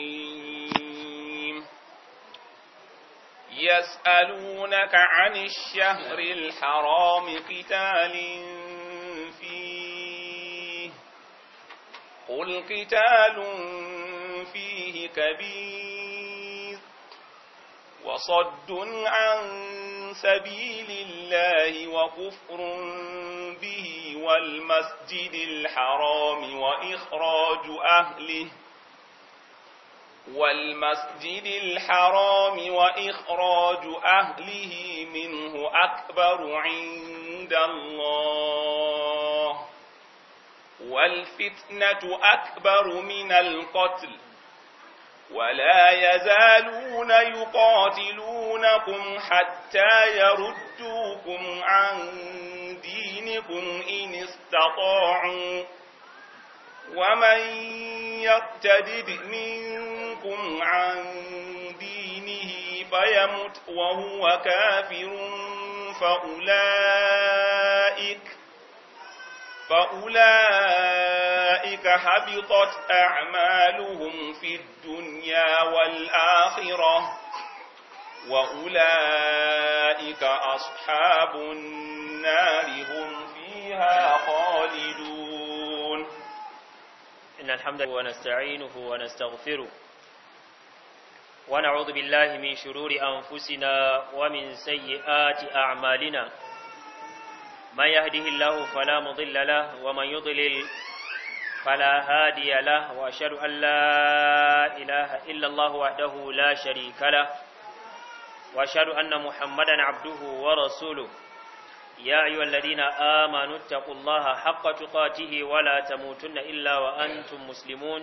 الرحيم يسألونك عن الشهر الحرام قتال فيه قل قتال فيه كبير وصد عن سبيل الله وكفر به والمسجد الحرام وإخراج أهله والمسجد الحرام وإخراج أهله منه أكبر عند الله والفتنة أكبر من القتل ولا يزالون يقاتلونكم حتى يردوكم عن دينكم إن استطاعوا ومن يرتد منكم يصدكم عن دينه فيمت وهو كافر فأولئك فأولئك حبطت أعمالهم في الدنيا والآخرة وأولئك أصحاب النار هم فيها خالدون إن الحمد لله ونستعينه ونستغفره ونعوذ بالله من شرور أنفسنا ومن سيئات أعمالنا ما يهده الله فلا مضل له ومن يضلل فلا هادي له وأشهد أن لا إله إلا الله وحده لا شريك له وأشهد أن محمدا عبده ورسوله يا أيها الذين آمنوا اتقوا الله حق تقاته ولا تموتن إلا وأنتم مسلمون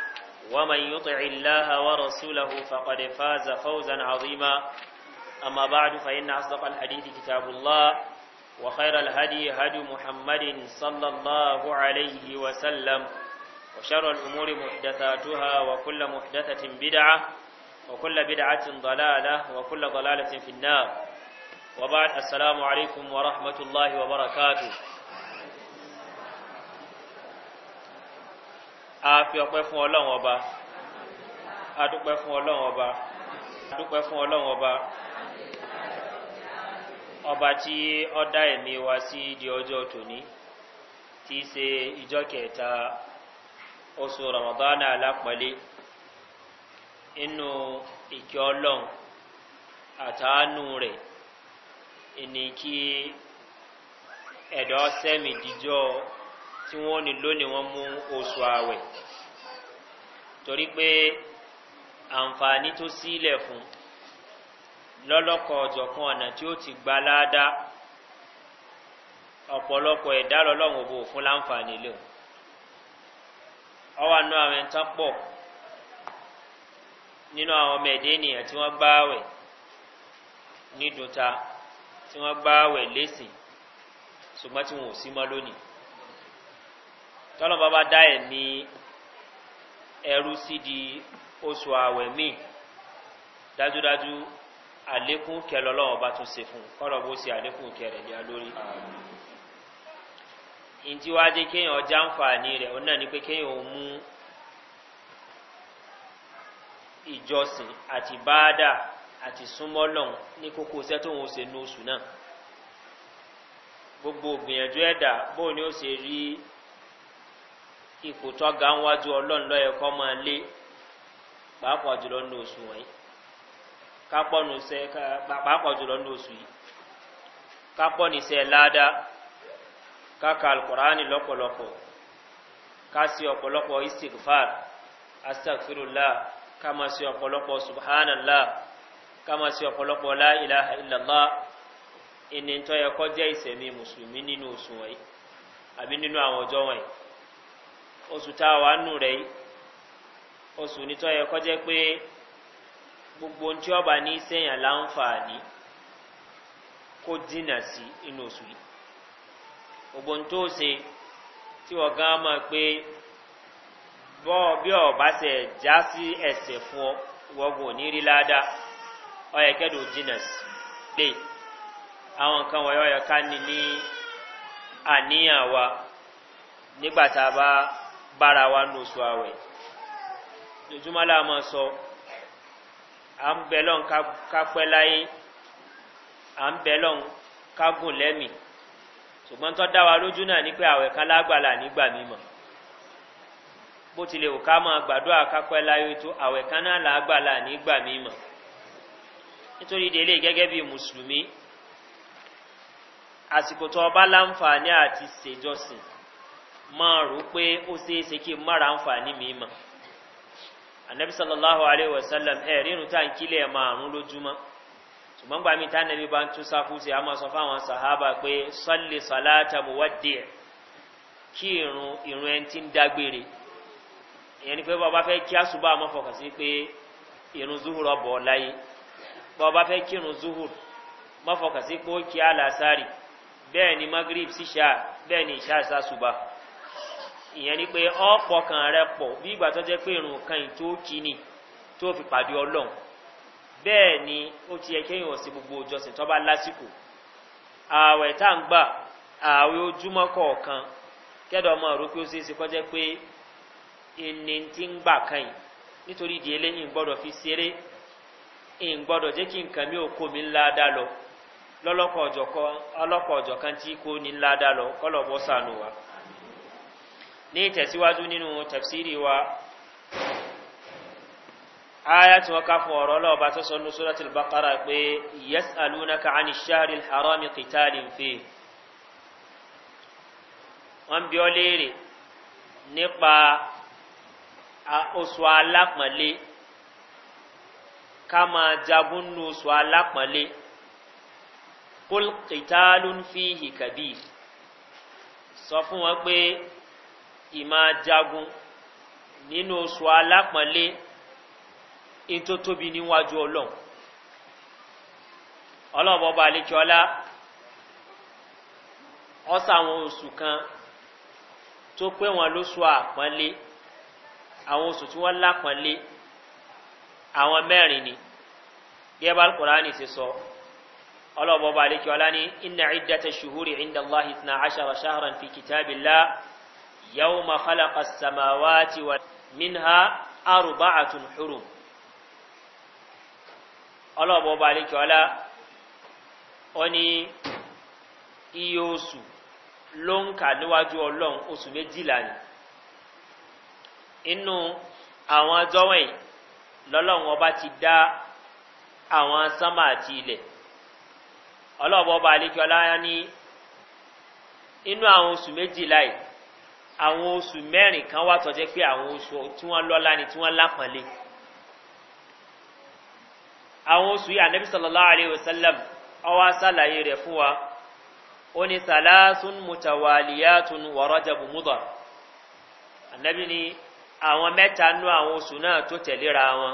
ومن يطع الله ورسوله فقد فاز فوزا عظيما أما بعد فإن أصدق الحديث كتاب الله وخير الهدي هدي محمد صلى الله عليه وسلم وشر الأمور محدثاتها وكل محدثة بدعة وكل بدعة ضلالة وكل ضلالة في النار وبعد السلام عليكم ورحمة الله وبركاته a fi ọpẹ fún ọlọ́run ọba fún ọlọ́run ọba a fún ọlọ́run ọba ọba tí ọ dá ẹ̀mí wa sí di ọjọ́ tòní tí í ṣe ìjọ kẹta oṣù ramadana alápọ̀lẹ́ inú ìkẹ́ ọlọ́run àtàánú rẹ̀ kí ẹ̀dọ́ sẹ́mi díjọ́ tí wọ́n ní lónìí wọ́n mú oṣù àwẹ̀ torí pé àǹfààní tó sílẹ̀ fún lọ́lọ́kọ̀ ọ̀jọ̀kan ọ̀nà tí ó ti gba láàdá ọ̀pọ̀lọpọ̀ ẹ̀dá lọ́lọ́run òbò fún láǹfààní lò ọwọ́ àánú àwọn ẹ̀ńtán pọ̀ nínú àwọn ọmọ ẹ̀dẹ́ ènìyàn tí wọ́n bá wẹ̀ ní dùnta tí wọ́n bá wẹ̀ lẹ́sìn ṣùgbọ́n tí wọn ò sí lónìí tọ́lọ́ bàbá dá ẹ̀ ní ẹrú sí di oṣù ààwẹ̀ míì dájúdájú àlékún kẹlọ lọ́wọ́ bá tún ṣe fún kọ́lọ̀ bó ṣe àlékún kẹrẹ ní alórí. ìntí wá dé kéèyàn ọjà ń fa àní rẹ̀ òun náà ni pé kéèyàn ò mú ìjọsìn àti báádà àti súnmọ́ lọ́hùn ní kókó iṣẹ́ tó ń ṣe ní oṣù náà gbogbo ògbìyànjú ẹ̀dà bóun ni ó ṣe rí ipò tọ́ga ń wájú ọlọ́run lọ́yẹ kọ́ máa lé pàápàá jùlọ ní oṣù wọ̀nyí kápọ́nù sẹ pàápàá jùlọ ní oṣù yìí kápọ́nù sẹ láàdá káka alukọ̀ránì lọ́pọ̀lọpọ̀ kásì ọ̀pọ̀lọpọ̀ istigfar astagfirullah kama sí ọ̀pọ̀lọpọ̀ subhanallah kama sí ọ̀pọ̀lọpọ̀ láìláha illallah ìnìtọ́ ẹ̀kọ́ jẹ́ ìsẹ̀mí mùsùlùmí nínú oṣù wọ̀nyí àbí nínú àwọn ọjọ́ wọ̀nyí oṣù tá a wà nù rẹ̀ yìí oṣù nítọ́ yẹ kọjẹ́ pé gbogbo ohun tí ọba ní sẹ́yìn láǹfààní kó dínà sí inú oṣù yìí gbogbo ohun tó ṣe tí wọ́n gan mọ̀ pé bọ́ bí ọba ṣe já sí ẹsẹ̀ fún ọ wọ́gbọ̀n ní rí ládàá ọyẹ kẹ́dùn dínà sí lè àwọn nǹkan wọ̀nyí ọyọ ká ní ní àníyàn wa nígbà tá a bá bára wa nù oṣù àwẹ̀ lójúmọ́ la máa sọ à ń bẹ lọ́n ká pẹ́ láyé à ń bẹ lọ́n ká gùn lẹ́mì ṣùgbọ́n tó dá wa lójú náà ni pé àwẹ̀ kan lágbàlá nígbà mímọ́ bó tilẹ̀ ò ká máa gbàdúrà ká láyé tó àwẹ̀ kan náà lágbàlá nígbà mímọ́ nítorí délé gẹ́gẹ́ bí mùsùlùmí àsìkò tó ọba láǹfààní àti ṣèjọsìn máa rò pé ó ṣeéṣe kí mara àǹfààní mi mọ̀ anabi sallallahu alayhi wa sallam ẹ rírun tá à ń kílẹ̀ márùn lójúmọ́ ṣùgbọ́n gbà mí tánàbí bá ń tún sáfù sí àmọ́ sọ fáwọn sàhábà pé sọ́lé sọ́láta mo wá díẹ̀ kí irun irun ẹni tí ń dágbére ìyẹn ni pé bọ́ bá fẹ́ kí àṣùbà àmọ́ fọkàn sí pé irun zuhur ọbọ̀ láyé bọ́ bá fẹ́ kí irun zuhur mọ́ fọkàn sí pé ó kí àlàsárì bẹ́ẹ̀ ni magrib síṣà bẹ́ẹ̀ ni ìṣà ìṣàṣùbà ìyẹn ni pé ọ̀pọ̀ kan rẹ pọ̀ bí ìgbà tó jẹ́ pé irun kan yìí tó kí ni tó fi pàdé ọlọ́run bẹ́ẹ̀ ni ó ti yẹ kéèyàn sí gbogbo ìjọsìn tó bá lásìkò ààwẹ̀ tá à ń gbà ààwẹ̀ ojúmọ́ kọ̀ọ̀kan kẹ́dọ̀ ọmọ rò pé ó ṣeé ṣe kọjá pé ẹni tí ń gbà kan yìí nítorí ìdí eléyìí ń gbọ́dọ̀ fi ṣeré ń gbọ́dọ̀ jẹ́ kí nǹkan mi ò kó mi ńlá dá lọ lọ́lọ́kọ̀ ọ̀jọ̀kan tí kò ní ńlá dá lọ kọ́lọ̀ bọ́ sànù wa ní ìtẹ̀síwájú nínú tafsiri wa aya tí wọ́n ká fún ọ̀rọ̀ lọ́ọ̀bá tó sọ ní suratul bakara pé yas alunaka ani shahri harami qitalin fi wọ́n bí ọ léèrè nípa oṣù alápọ̀nlé ká máa jagun ní oṣù alápọ̀nlé kul qitalun fihi kabir sọ fún wọn pé ìmá jagun nínú oṣù alápọ̀nlé in tó tóbi níwájú ọlọ́run ọlọ́run ọba àlekíọ́lá ọ́sà àwọn oṣù kan tó pé wọn lóṣù àpọ́nlé àwọn oṣù tí wọ́n lápọ́nlé àwọn mẹ́rin ni gẹ́bà alkùnránì sí sọ ọlọ́bọ̀bà alékiọlá ní iná ìdáta ṣuhuri inda allahi na ashara shaharan يوم خلق السماوات ومنها أربعة arba'atun الله ọlọ́ọ̀bọ̀ ọba alékiọlá أني ní iye oṣù ló ń kà níwájú ọlọ́run oṣù méjìlá ni inú àwọn jọ́wìn lọ́lọ́run ọba ti dá àwọn sánmà àti ilẹ̀ ọlọ́ọ̀bọ̀ ọba alékiọlá ní inú àwọn oṣù méjìlá yìí àwọn oṣù mẹ́rin kan wà tọ́jẹ́ pé àwọn oṣù tí wọ́n lọ́lá ni tí wọ́n lápọ̀lé àwọn oṣù yìí ànábì sallallahu alayhi wa sallam ọwọ́ sàlàyé rẹ̀ fún wa ó ní sàlásùn mutawaliyatun wà rọ́jàbù múdọ̀ ànábì ni àwọn mẹ́ta nú àwọn oṣù náà tó tẹ̀léra wọn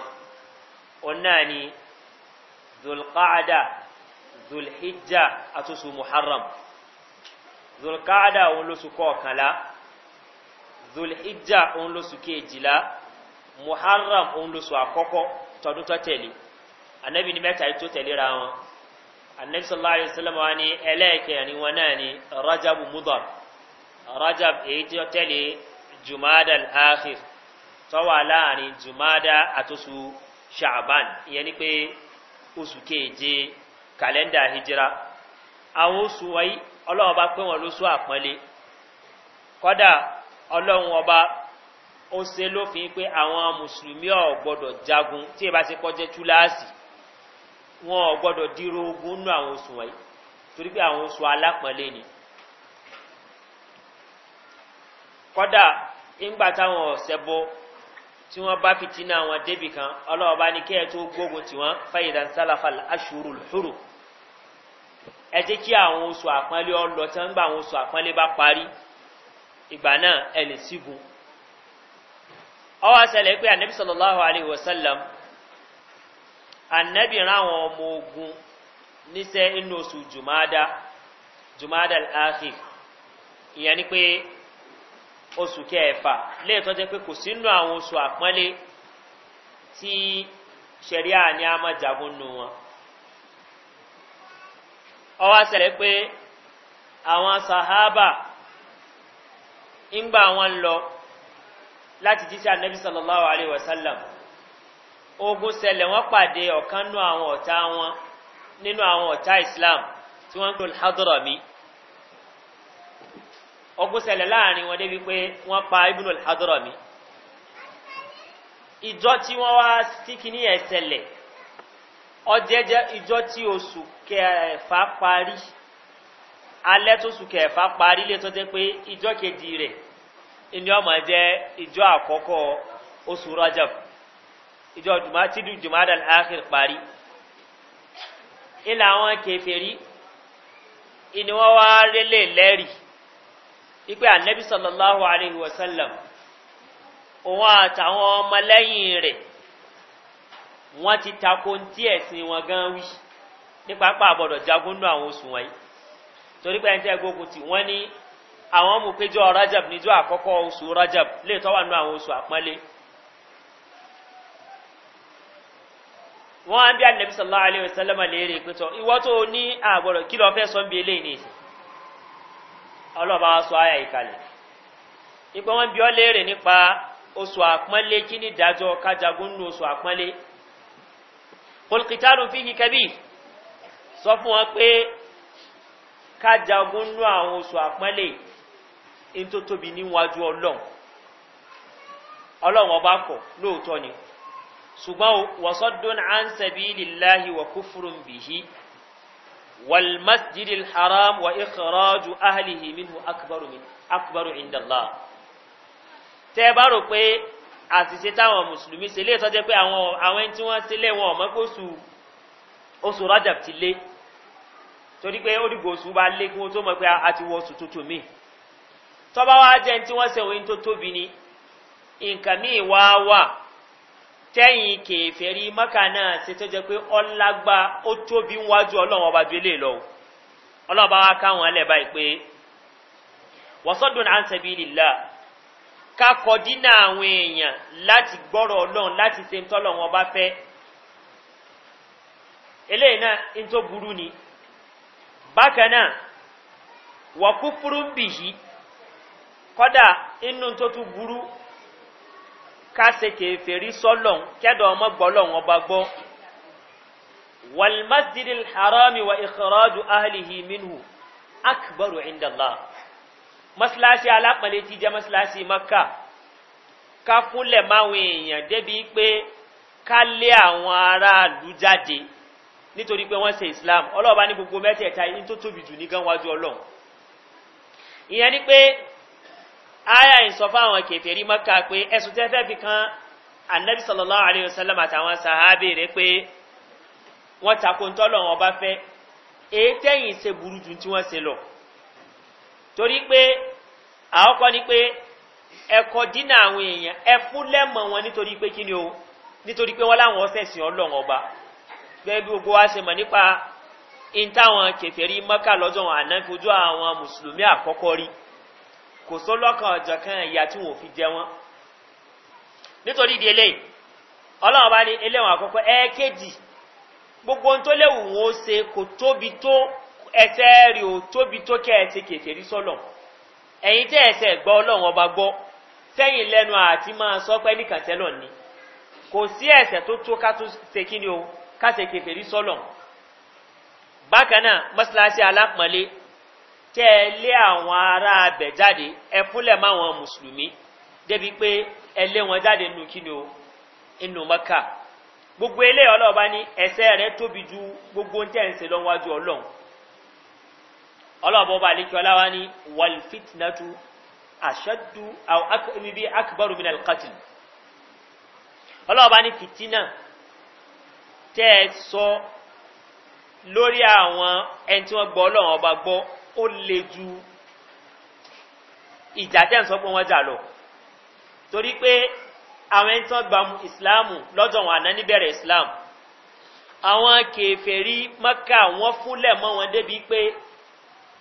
ó náà ni zulqaada zulhijja àtúnṣu muharram zulqaada òun lóṣù kọ̀ọ̀kanlá zulhijja òun lóṣù kejìlá muharram òun lóṣù àkọ́kọ́ tọdún tó tẹ̀lé anabi ní mẹ́ta tó tẹ̀lé ra wọn anabi sallallahu alayhi wa sallam wa ni ẹlẹ́ẹ̀kẹrin wọn náà ni rajab mudar rajab èyí tó tẹ̀lé jumada al-akhir tọ́wà láàrin jùmádá àtúnṣù ṣàbán ìyẹn ni pé oṣù kéèje kàlẹ́ndà hijira àwọn oṣù wáyí ọlọ́ọ̀bá pé wọn ló àpọ́nlé kọ́dà ọlọ́run ọba ó ṣe lófin pé àwọn mùsùlùmí ọ̀ gbọ́dọ̀ jagun tí ẹ bá ṣe kọjẹ́ túláàsì wọn ọ̀ gbọ́dọ̀ dírò ogun nínú àwọn oṣù wọ̀nyí torí pé àwọn oṣù alápọ̀nlé ni kọ́dà ńgbà táwọn ọ̀sẹ̀ bọ́ tí wọ́n bá fìtínà wọn débì kan ọlọ́ọ̀bá ní kí ẹ tó gbógun tí wọ́n fàyèdà sálàfà aṣòro lòrò ẹ jẹ́ kí àwọn oṣù àpọ́nlé ọ lọ tán gbà àwọn oṣù àpọ́nlé bá parí ìgbà náà ẹ lè sígun ọwọ́ ṣẹlẹ̀ pé ànábì sọlọ́láhùn aláìwò sálàm ànábì ráwọn ọmọ ogun níṣẹ́ inú oṣù jùmádá jùmádá al-akhir ìyẹn ni pé oṣù kẹfà léètọ́ jẹ́ pé kò sínú àwọn oṣù àpọ́nlé tí ṣẹ̀ríà ní a nù wọn ọwọ́ ṣẹlẹ̀ pé àwọn sahaba ńgbà wọn lọ láti títí ànábì sallallahu alayhi wa sallam ogun sẹlẹ̀ wọ́n pàdé ọ̀kan nínú àwọn ọ̀tá wọn nínú àwọn ọ̀tá islam tí wọ́n ń pè lọ́dọ̀rọ̀ mi ogun sẹlẹ̀ láàrin wọn débi pé wọ́n pa ibùdó lọ́dọ̀rọ̀ mi ìjọ tí wọ́n wá sí kíní ẹ̀ sẹlẹ̀ ọjẹ́jẹ́ ìjọ tí oṣù kẹfà parí alẹ́ tó sùn kẹfà parí lè tọ́jú pé ìjọ kejì rẹ̀ ni ọmọ jẹ́ ìjọ àkọ́kọ́ oṣù rajab ìjọ jùmátìdù jùmádà láàkìr parí ilà àwọn kẹfẹ́rí ni wọ́n wá rélé lẹ́rìí ipe anabi sallallahu alayhi wa sallam òun àtàwọn ọmọlẹ́yìn rẹ̀ wọ́n ti takò tí ẹ̀sìn wọn gan wí nípa pàbọ̀dọ̀ jagun nù àwọn oṣù wọ̀nyí torí pé ẹni tí ẹ gbógun tì wọ́n ní àwọn mú péjọ rajab níjọ àkọ́kọ́ oṣù rajab lè tọ́wà nú àwọn oṣù àpọ́nlé wọ́n á bí ànàbí sallá alẹ́ ìsẹ́lẹ́mà léèrè pẹ́tọ̀ ìwọ́ tó ní àgbọ̀rọ̀ kí lọ fẹ́ sọ bí eléyìí ní ìsìn ọlọ́ba sọ ayà ìkàlẹ̀ ipò wọn bí ọ léèrè nípa oṣù àpọ́nlé kí ní ìdájọ́ kájagun nú oṣù àpọ́nlé polkitaru fi yí kẹbí sọ fún wọn pé ká jagun nú àwọn oṣù àpọ́nlé in tó tóbi níwájú ọlọ́run ọlọ́run ọba kọ̀ lóòótọ́ ni ṣùgbọ́n wọ́sọ́dún à ń sẹ̀bi líláhi wà kúfurun bìhí والمسجد الحرام وإخراج أهله منه أكبر من أكبر عند الله tẹ́ bá rò pé àṣìṣe táwọn mùsùlùmí ṣe lè sọ́jẹ́ pé àwọn ẹni tí wọ́n sílẹ̀ wọn ọ̀mọ́kóṣù oṣù rajab ti lé torí pé ó dìgbò oṣù bá lé kí wọ́n tó mọ̀ pé a ti wọ oṣù tuntun mi tọ́ba wa jẹ́ tí wọ́n ṣe òyìn tó tóbi ni nǹkan míì wá wà tẹ́yìn kèfèrí mọ́kà náà ṣe tó jẹ́ pé ọlágbá ó tóbi wájú ọlọ́run ọba délé lọ ọlọ́run bá wa káwọn ẹlẹ́ báyìí pé wọ́sọ́dún àǹsẹ̀bí lìlá kakọ̀ dínà àwọn èèyàn láti gbọ́rọ̀ ọlọ́run láti ṣe ń tọ́lọ̀ wọn bá fẹ́ eléyìí náà ń tó burú ni bákan náà wọ́n kú fúrú ń bì yìí kọ́dà inú tó tún burú kásẹ̀ kẹfẹ́rí sọ́lọ̀n kẹ́dọ̀ ọmọ gbọ́lọ̀n ọba gbọ́ walmasjid alharami wa ikhraju ahlihi minhu akbaru indallah masalasi alápàlẹ̀ ti jẹ́ masalasi makka ká fúnlẹ̀ máwọn èèyàn débi pé ká lé àwọn aráàlú jáde nítorí pé wọ́n se islam ọlọ́ọ̀bá ní gbogbo mẹ́tẹ̀ẹ̀ta yìí tó tóbi jù ní gánwájú ọlọ́run ìyẹn ni pé aya ìsọ fáwọn pé ẹ̀sùn tẹ́ fẹ́ fi kan alayhi wa sallam àtàwọn sahabi rẹ pé wọ́n tako wọn bá fẹ́ èyí tẹ́yìn ṣe burú ju tí wọ́n se lọ torí pé àwọn ni pé ẹ̀kọ́ dínà àwọn èèyàn ẹ wọn nítorí pé kí o nítorí pé wọ́n láwọn gẹ́gẹ́ bí gbogbo wa ṣe mọ̀ nípa in táwọn kẹfẹ́rí mọ́kà lọ́jọ́ wọn àná fojú àwọn mùsùlùmí àkọ́kọ́ rí kò só lọ́kàn ọ̀jọ̀ kan ìyá tí wọn ò fi jẹ wọn nítorí ìdí eléyìí ọlọ́run bá ní eléwọ̀n àkọ́kọ́ ẹ̀ẹ́kejì gbogbo ohun tó léwu wọn ó ṣe kò tóbi tó ẹsẹ̀ rí o tóbi tó kẹ́ ẹ ti kẹfẹ́rí sọ́lọ̀ ẹ̀yin tẹ́ ẹsẹ̀ gbọ́ ọlọ́run ọba gbọ́ sẹ́yìn lẹ́nu àti máa sọ pé nìkan tẹ́lọ̀ ni kò sí ẹ̀sẹ̀ tó tó ká tó ṣe kí ni o káṣe kẹfẹ́rí sọ́lọ̀ bákan náà mọ́ṣáláṣí alápọ̀nlé tẹ́ ẹ lé àwọn ará abẹ̀ jáde ẹ fúnlẹ̀ mọ́ àwọn mùsùlùmí débi pé ẹ lé wọn jáde nù kí ni o inú mọ́kà gbogbo eléyìí ọlọ́ọ̀bá ní ẹsẹ̀ rẹ tóbi ju gbogbo ń tẹ̀sí lọ́wọ́jú ọlọ́ọ̀bá ní fitina tẹ́ ẹ sọ lórí àwọn ẹni tí wọ́n gbọ́ ọlọ́run ọba gbọ́ ó le ju ìjà tẹ́ ń sọ pé wọ́n jà lọ torí pé àwọn ẹni tí wọ́n gba ìsìláàmù lọ́jọ́ wọn àná níbẹ̀rẹ̀ ìsìláàmù àwọn kèfèrí mọ́kà wọ́n fúnlẹ̀ mọ́ wọn débi pé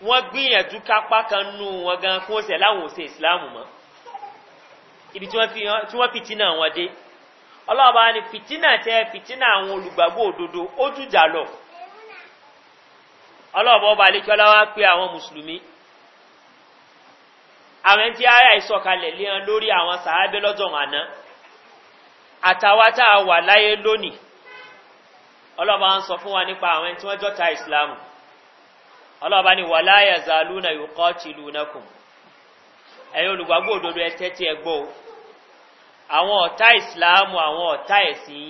wọ́n gbìyànjú kápá kan nù wọn gan fún ọ̀sẹ̀ láwọn òsè ìsìláàmù mọ́ ibi tí wọ́n fi tí wọ́n dé ọlọ́ọ̀bá ni fìtínà tẹ́ fìtínà àwọn olùgbàgbọ́ òdodo ó lọ ọlọ́ọ̀bá ọba àlékí ọláwá pé àwọn mùsùlùmí àwọn tí ara ìsọ̀kalẹ̀ léhan lórí àwọn sàábẹ́ lọ́jọ́ àná a wà láyé lónìí ọlọ́ọ̀bá fún wa nípa àwọn tí wọ́n jọ́ta ìsìlámù ọlọ́ọ̀bá ni wà zàlúnà àwọn ọ̀tá ìsìláàmù àwọn ọ̀tá ẹ̀sìn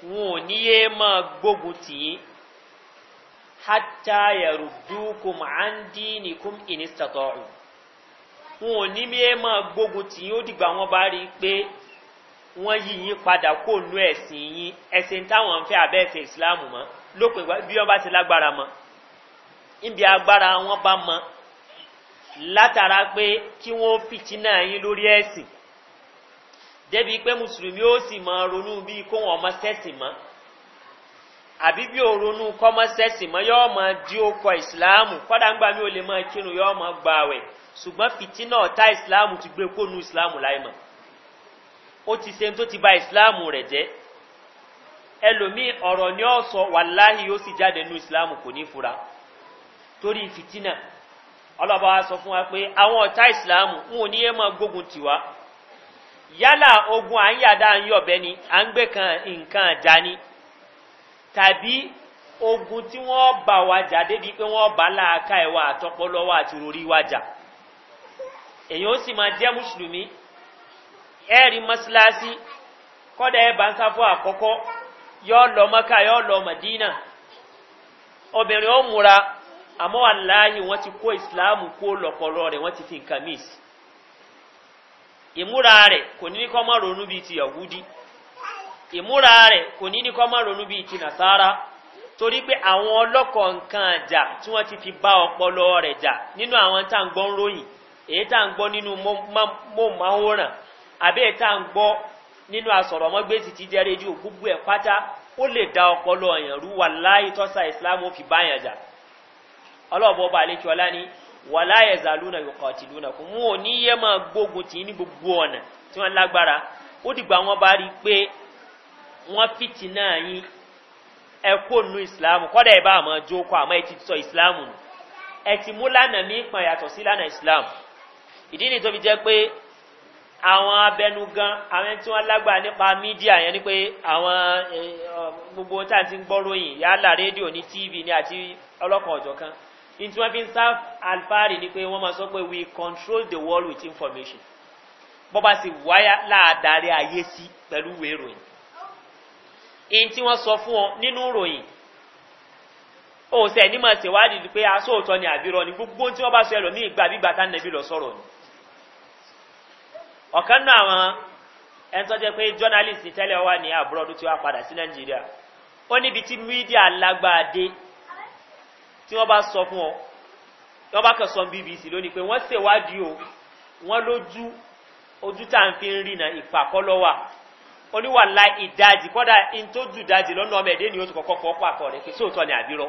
yìí wọn ò níyé máa gbógun tì yín hátà yàrùdúkùm àndínìkùm ìnísítàtọ̀rù wọn ò ní míyé máa gbógun tì ó dìgbà wọn bá rí pé wọ́n yí yín padà kó nu ẹ̀sìn yín ẹ̀sìn táwọn ń fẹ́ ìsìláàmù mọ́ lópin bí wọ́n bá ti lágbára mọ́ níbi agbára wọn bá débi pé mùsùlùmí ó sì máa ronú bí kó wọn ọmọ sẹ́sì mọ́ àbí bí ó ronú kọ́mọ ma mọ́ yọ́ mọ dí okọ̀ ìsìláàmù kọ́dà ń gbà mí ò lè máa kírun sugbon mọ gba àwẹ̀ ṣùgbọ́n fìtínà ọ̀tá ìsìláàmù ti gbé kónú ìsìláàmù ó ti ṣe tó ti ba ìsìláàmù rẹ̀ jẹ́ ẹlòmíì ọ̀rọ̀ ni ó sọ wàláhì ó sì jáde nú ìsìláàmù kò ní fura torí fìtínà ọlọ́ba wa sọ fún wa pé àwọn ọ̀tá ìsìláàmù ń ò ní máa yálà ogun à ń yàdá ń ni à ń gbé kan nǹkan àjà ni tàbí ogun tí wọ́n bá wa jà débi pé wọ́n bá láàka ẹ̀wà àtọpọlọwà àti orí wa jà èyàn ó sì máa jẹ́ mùsùlùmí ẹ̀rí mọ́síláṣí kọ́dà ẹ̀ bá ń sáfọ́ àkọ́kọ́ yọ́ lọ mọ́ká yọ́ lọ mọ̀dínà obìnrin ó múra àmọ́ wà láàyè wọ́n ti kó ìsìláàmù kó lọ̀kọ̀ọ̀rọ̀ rẹ̀ wọ́n ti fi nǹkan míì ìmúra rẹ̀ kò ní ní kọ́ mọ́ ronú bíi ti yahudi ìmúra rẹ̀ kò ní ní kọ́ mọ́ ronú bíi ti nasara torí pé àwọn ọlọ́kọ̀ nǹkan àjà tí wọ́n ti fi bá ọpọlọ rẹ̀ jà nínú àwọn tá à ń gbọ́ ń ròyìn èyí tá à ń gbọ́ nínú mọ́máwòrán àbí èyí tá à ń gbọ́ nínú asọ̀rọ̀mọ́gbèsì ti jẹ́ rédíò gbogbo ẹ̀ pátá ó lè da ọpọlọ èèyàn rú wà láì tọ́sà ìsìlámù fi báyàn jà ọlọ́ọ̀bọ̀ ọba àlejò ọlá ni wàlá ẹ̀zàlúnà yọkọ̀tìlúnà kò mú òní yẹ máa gbógun tì ní gbogbo ọ̀nà tí wọ́n lágbára ó dìgbà wọn bá rí i pé wọ́n fìtì náà yín ẹ kó nu ìsìláàmù kọ́dà ẹ bá àmọ́ jókòó àmọ́ ẹ ti sọ ìsìláàmù nù ẹ ti mú lánàá mí pọn yàtọ̀ sí lánàá ìsìláàmù ìdí ni tó fi jẹ́ pé àwọn abẹnugan àwọn tí wọ́n lágbára nípa mídíà yẹn ni pé àwọn eh, gbogbo tá à ń ti gbọ́ ròyìn yálà rédíò ní tv ní àti ọlọ́kan ọ̀jọ̀ kan in tí wọ́n fi ń sá alfáàrí ni pé wọ́n máa sọ pé we control the world with information bọ́ bá sì wáyà láàdárí ayé sí pẹ̀lú ìwé ìròyìn in tí wọ́n sọ fún ọ nínú ìròyìn ó sẹ ní máa ṣèwádìí pé asóòtọ́ ni àbírọ ni gbogbo tí wọ́n bá sọ ẹlòmíì ìgbà bígbà tá nẹbí lọ sọ̀rọ̀ ni ọ̀kan náà àwọn ẹni tó jẹ́ pé journalist tẹ́lẹ̀ wà ní àbúrọ̀dún tí wọ́n padà sí nàìjíríà ó níbi tí mídíà lágbàá dé tí wọ́n bá sọ fún ọ wọ́n bá kàn sọ bbc lónìí pé wọ́n ṣèwádìí o wọ́n lójú ojú tá à ń fi ń rìnà ìpàkọ́lọ́wà oníwàlá ìdajì kọ́dà ìtọ́jú ìdajì lọ́nà ọmọ ẹ̀dẹ́ ni ó ti kọ́kọ́ fọ́ pàkọ́ rẹ̀ kí sóòtọ́ ni àbírọ́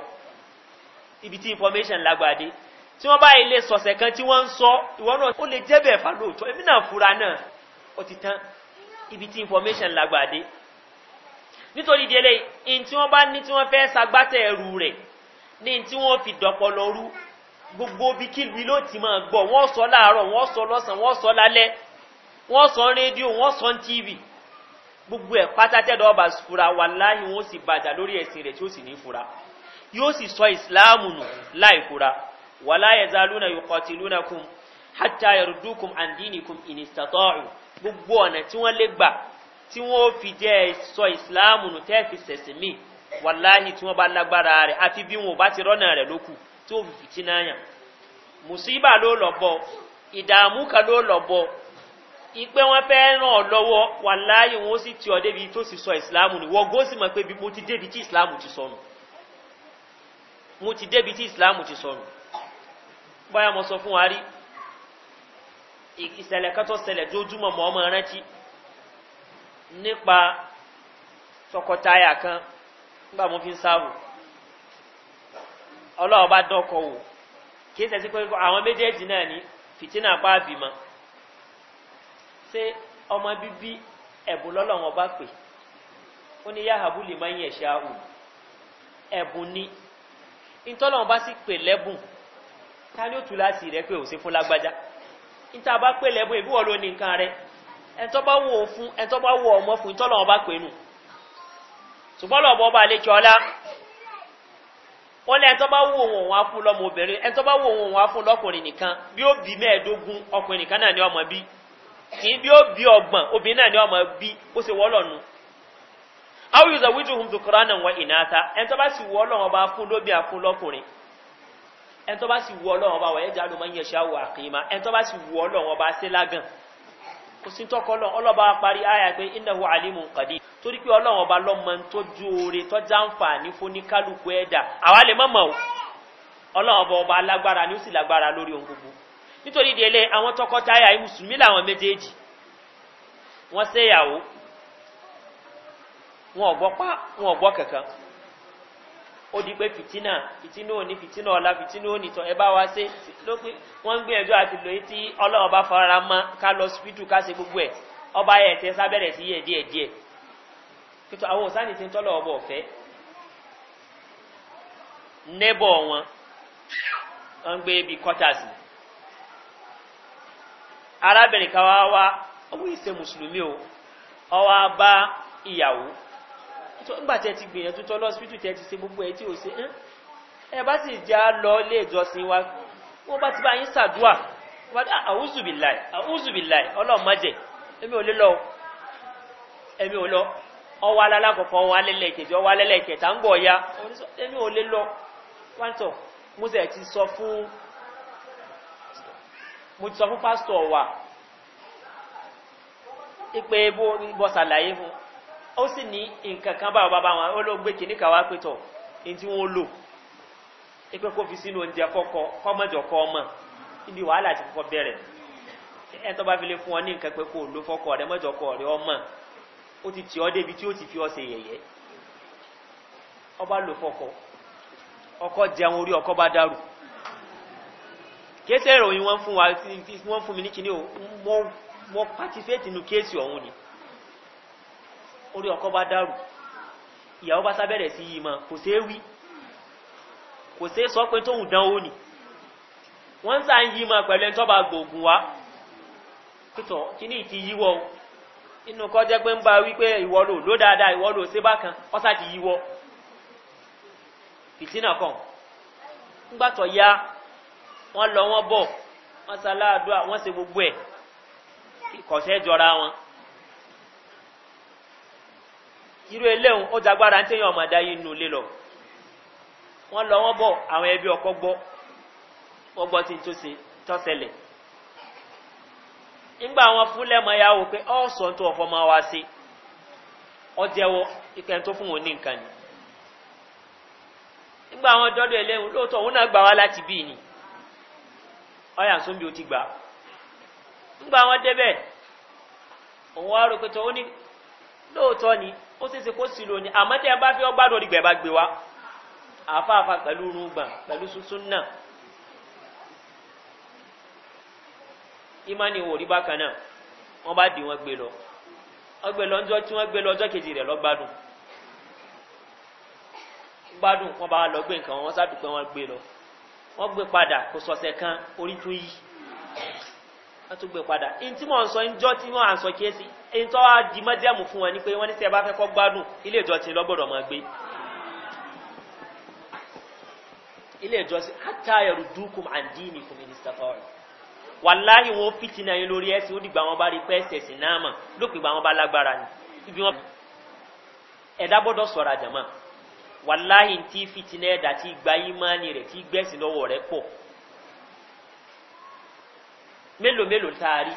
ibi tí information lágbàdé tí wọ́n bá ilé sọ̀sẹ̀ kan tí wọ́n ń sọ ìwọ náà ó lè jẹ́bẹ̀ fà lóòótọ́ èmi náà fura náà ó ti tán ibi tí information lágbàdé nítorí ìdílé ìyìn tí wọ́n bá ní tí wọ́n fẹ́ sagbátẹ̀ ẹrù rẹ̀ ní tí wọ́n fi dọ̀pọ̀ lọ́rú gbogbo bí kílùú ló ti máa gbọ́ wọ́n sọ láàárọ̀ wọ́n sọ lọ́sàn wọ́n sọ lálẹ́ wọ́n sọ rédíò wọ́n sọ tv gbogbo ẹ̀ pátátẹ́dọ̀ ọba fura wà láyé wọ́n sì bàjá lórí ẹ̀sìn rẹ̀ tí ó sì ní fura yóò sì sọ ìsìláàmù nù láì fura wà láyé zalúnà yòkọ̀tì lúnàkùn hátà yẹrùdúkùn àndínìkùn ìnìsítàtọ́ọ̀rù gbogbo ọ̀nà tí wọ́n lé gbà tí wọ́n fi jẹ́ sọ ìsìláàmù nù tẹ́ẹ̀fì sẹ̀sìn míì wàláhì tí wọ́n bá lágbára rẹ̀ àti bí wọn ò bá ti rọ́nà rẹ̀ lókù tí ó fi fìtí náà yàn mùsíbà ló lọ bọ ìdààmú kan ló lọ bọ ìpé wọn fẹ́ ràn ọ́ lọ́wọ́ wàláhì wọn ó sì ti ọ débi tó sì sọ ìsìláàmù ni wọ́n gó sì mọ̀ pé mo ti débi tí ìsìláàmù ti sọnù mo ti débi tí ìsìláàmù ti sọnù báyà mo sọ fún wa rí ìṣẹ̀lẹ̀ kan tó dójúmọ̀ mọ́ ọmọ rántí nípa tọkọtaya kan nígbà mo fi ń sáàrù ọlọ́wọ́ bá dọ́kọ̀ wò kí ṣe sí pé àwọn méjèèjì náà ní fìtínà bá bímọ ṣé ọmọ bíbí ẹ̀bùn lọ́lọ́wọ́ bá pè ó ní yáhàbù lè máa ń yẹ̀ṣẹ́ àwò ẹ̀bùn ni ìtọ́lọ́wọ́ bá sì pè lẹ́bùn ta ni ó tu láti rẹ pé ò sí fún lágbájá níta bá pè lẹ́bùn ìbúwọ̀ ló ní nǹkan rẹ ẹ̀ńtọ́ bá wò ọmọ fún ìtọ́lọ́wọ́ bá pè nù ṣùgbọ́n lọ́bọ̀ ọba àlejò ọlá ó lẹ́ ẹ̀tọ́ bá wù òun òun á fún lọ́mọ obìnrin ẹ̀tọ́ bá wù òun òun á fún lọ́kùnrin nìkan bí ó bí mẹ́ẹ̀ẹ́dógún ọkùnrin nìkan náà ní ọmọ bí kì í bí ó bí ọgbọ̀n obìnrin náà ní ọmọ bí ó ṣe wọ́lọ̀ nu. àwọn yóò zọ̀wí tuhun tukura náà wọ ìnáta ẹ̀tọ́ bá sì wọ́ lọ́wọ́ bá fún parí ayà pé ináwó alimu kàdí torí pé ọlọ́run ọba lọ́mọ tó ju oore tó já ń fà ní fóníkálukú ẹ̀dà àwa lè mọ̀mọ́ o ọlọ́run ọba ọba alágbára ni ó sì lágbára lórí ohun gbogbo nítorí ìdílé àwọn tọkọtaya mùsùlùmí làwọn méjèèjì wọ́n séyàwó wọn ò gbọ́ pa wọn ò gbọ́ kankan ó di pé fìtínà fìtínà òní fìtínà ọ̀la fìtínà òní tán ẹ bá wa ṣe lópin wọ́n ń gbìyànjú àti lòye tí ọlọ́run bá fara mọ́ ká lọ síbítù ká ṣe gbogbo ẹ̀ ọba ẹ̀ tẹ́ sábẹ́rẹ̀ sí yẹ̀ díẹ̀díẹ̀ kìtọ́ àwọn òsáni ti ń tọ́lọ̀ ọbọ̀ ọ̀fẹ́ nẹ́bọ̀ wọn ń gbé ibi quarters wa arábìnrin kan wá musulumi ọwọ́ ìṣe mùsùlùmí o ọwọ́ bá ìyàwó nígbà tí ẹ ti gbìyànjú tọ́ lọ́sibítù tí ẹ ti ṣe gbogbo ẹ tí ò ṣe ẹ bá sì já lọ ilé ìjọsìn wa wọ́n bá ti bá yín sàdúà àwùzùbìláì àwùzùbìláì ọlọ́ọ̀mọ́jẹ̀ ẹ̀mí ò lé lọ ẹ̀mí ò lọ ọwọ́ alálàkọ̀ọ́kọ́ ọwọ́ alẹ́lẹ́kẹ̀ẹ́jì ọwọ́ alẹ́lẹ́kẹ̀ẹ́ta ń gbọ̀ ya ẹni ò lè lọ wáńtọ̀ mo sì ti sọ fún mo ti sọ fún pásítọ̀ wà ipe bó fún ó sì ní nǹkan kan bàbá wọn tí wọ́n lò kó fi sínú oúnjẹ kọ́kọ́ ibi wàhálà ti bẹ̀rẹ̀ ẹ̀ ó ti tì ọ́ débi tí ó ti fi ọ́ ṣe yẹ̀yẹ́ ọba lò fọkọ ọkọ jẹun orí ọkọ bá dàrú kéésì ìròyìn wọn fún wa wọn fún mi ní kíní o mo patiféètì nu kéésì ọ̀hún ni orí ọkọ bá dàrú ìyàwó bá sábẹ̀rẹ̀ sí yìí mọ́ kò sé wí kò sé sọ pé tóun dán ó nì wọ́n ń yí yìí mọ́ pẹ̀lú ẹni tó bá gbòògùn wa pẹ̀tọ̀ kíní ìtì yíwọ́ inú kọ́ jẹ́ pé ń bá wípé ìwọ́lò ló dáadáa ìwọ́lò sí bákan ọ́sàdì yíwọ́ fìtínà kan ńgbàtọ̀ ya wọ́n lọ wọ́n bọ̀ wọ́n sàláàdúà wọ́n se gbogbo ẹ̀ kọ̀ṣẹ́ jọra wọn irú eléhùn ó jagbara ń ọmada ọmọ àdáyé inú lọ wọ́n lọ wọ́n bọ̀ àwọn ẹbí ọkọ gbọ́ wọ́n gbọ́ tó ńgbà wọn fún ma ya wò pé ọ̀sọ̀ tó ọ̀fọ́ ma wá sí ọjẹ́wọ́ ìpẹ́ tó fún nǹkan ni ńgbà wọn dọ́dọ̀ ẹlẹ́hùn lóòótọ́ òun náà gbà wá láti bí ni ọyà sún bí o ti gbà ńgbà wọn débẹ̀ òun wá rò pé tó ní lóòótọ́ ni ó sì ṣe kó sì lò ní bá fi ọgbàdo ìgbẹ́ bá gbé wa pẹ̀lú rúgbà sunsun náà imani wò rí bákan náà wọ́n bá dì wọ́n gbé lọ wọ́n gbé lọ ọjọ́ tí wọ́n gbé lọ ọjọ́ kejì rẹ̀ lọ gbádùn gbádùn wọ́n bá lọ gbé nǹkan wọ́n sádùpẹ́ wọ́n gbé lọ wọ́n gbé padà kò sọ̀sẹ̀ kan orí tún yí wọ́n tún gbé padà in tí wọ́n sọ ìjọ tí wọ́n à ń sọ kíyèsí in tó wá di mọ́díàmù fún wọn ni pé wọ́n ní sẹ́ bá fẹ́ kọ́ gbádùn ilé ìjọsìn lọ́gbọ̀dọ̀ máa gbé ilé ìjọsìn hátà ẹ̀rù dúkùm àǹdí nìkùn mínísítà fáwọn wàláyé wọn fìtínà yín lórí ẹsẹ ó dìgbà wọn bá rí pẹ́ẹ́sì ẹ̀sìn náà mọ̀ lópin ìgbà wọn bá lágbára ni ibi wọn. ẹ̀dá gbọ́dọ̀ sọ̀rọ̀ àjàmọ́ wàláyé tí fìtínà ẹ̀dá tí gba ìmánì rẹ̀ tí gbẹ̀sì lọ́wọ́ rẹ̀ pọ̀. mélòó mélòó tá a rí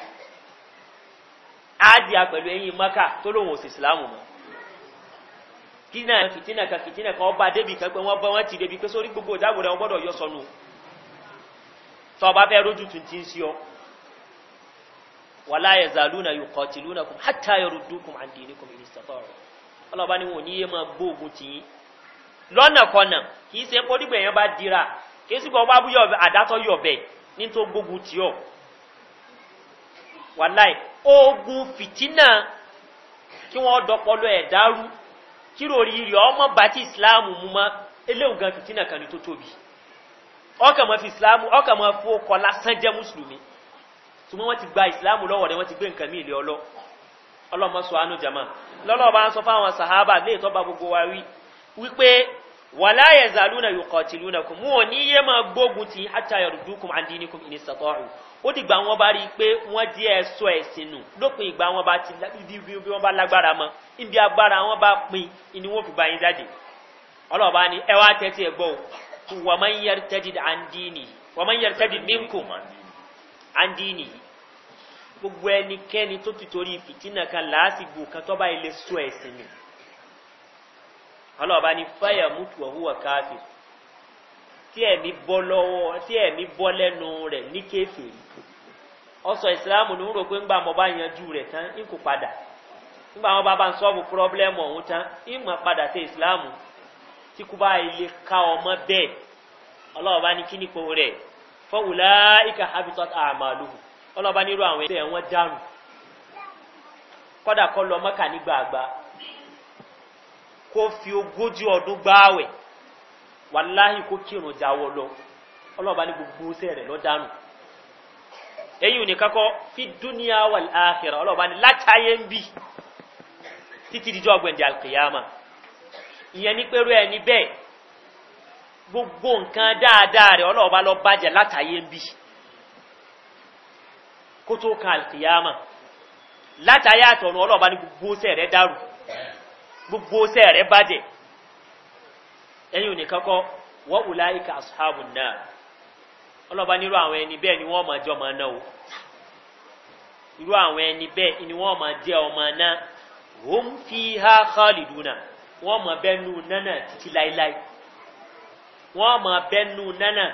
áàdìá pẹ̀lú ẹ̀yìn mọ́kà tó lóun ò sì sílámù mọ́ kí náà fìtínà kan fìtínà kan ọba débì kan pé wọ́n bá wọn ti débì pé sórí gbogbo ìdáàbò rẹ̀ wọ́n gbọ́dọ̀ yọ sọnù tọba fẹ́ rójú tún ti ń sí ọ wà láyẹ̀ zàlúnà yóò kọ̀ tìlúnà kùn hátà yóò dúkùn àdínikùn ìrìsìtàfà ọ̀rọ̀ ọlọ́ba ni wọn ní yé máa gbóògùn tì yín lọ́nà kọ̀nà kì í ṣe bá dira kì í sì kọ́ bá yọ̀ àdátọ́ yọ̀ bẹ̀ ní tó gbógun ọkà mọ́ fi ìsìláàmù ọkà mọ́ fún ọkọ̀ lásán jẹ́ mùsùlùmí ṣùgbọ́n wọ́n ti gba ìsìláàmù lọ́wọ́ rẹ̀ wọ́n ti gbé nǹkan mí ilé ọlọ́ ọlọ́mọ sọ àánú jama lọ́lọ́ bá ń sọ fáwọn sàhábà lè tọ́ gbogbo wa rí wípé wà láyé zàlúnà yòkọ̀ tìlúnà kù mú òní yé máa gbógun ti hàtà yọ̀rùdúkùn àdínikùn ìnìsàtọ́rù ó dìgbà wọn bá rí i pé wọ́n di ẹ̀sọ́ ẹ̀sìn nù lópin ìgbà wọn bá ti bí wọ́n bá lágbára mọ́ níbi agbára wọn bá pin ni wọ́n yín jáde ọlọ́ọ̀bá ni ẹ tẹ́tí ẹ to wa man yartajid an dini wa man yartajid minkum an dini gbogbo ẹnikẹ́ni tó ti torí fìtínà kan làásìgbò kan tọ́ba ilé sọ ẹ̀sìn mi ọlọ́ọ̀bá ni fáyà mútu ọ̀húwà káàfì tí ẹ̀mí bọ́ lọ́wọ́ lẹ́nu rẹ̀ ní kéfèé ọsọ ìsìláàmù ni ń rò pé ńgbà mo bá yanjú rẹ̀ tán ń kò padà ńgbà wọn bá bá ń sọ́ọ̀bù pírọ́blẹ́mù ọ̀hún tán ń mọ̀ padà sí ìsìláàmù tí kú bá ilé ká ọmọ bẹ́ẹ̀ ọlọ́ọ̀bá ní kí nípo rẹ̀ fọ́wùlá ìkà habitat àmàlùhù ọlọ́ọ̀bá nírú àwọn ẹgbẹ́ wọn dárùn kọ́dà kọ́ lọ mọ́kà kó fi ogójì ọdún gbáwẹ̀ wàláhì kó kírun jáwọ́ lọ ọlọ́ọ̀bá ní lọ dárùn ní fi dúníà wà láàfẹ́ràn ọlọ́ọ̀bá ní látàyé ń bì títí dijọ́ ọgbẹ̀ndì ìyẹn ní pẹ̀lú ẹni bẹ́ẹ̀ gbogbo nǹkan dáadáa rẹ̀ ọlọ́ọ̀bá lọ bàjẹ́ látàyé ń bì kó tó kan àlùkìyàmà látàyé àtọ̀nù ọlọ́ọ̀bá ní gbogbo sẹ́ rẹ̀ dàrú gbogbo sẹ́ rẹ̀ bàjẹ́ ẹ̀yìn òní kankọ́ wọ́n wù láyé ká asuhabu náà ọlọ́ọ̀bá nírú àwọn ẹni bẹ́ẹ̀ ni wọ́n máa jẹ́ ọmọ náà o irú àwọn ẹni bẹ́ẹ̀ ni wọ́n máa jẹ́ ọmọ náà wọ́n fi há khaliduna. wọ́n mọ̀ bẹ́nu nánà títí láíláí wọ́n mọ̀ bẹ́nu nánà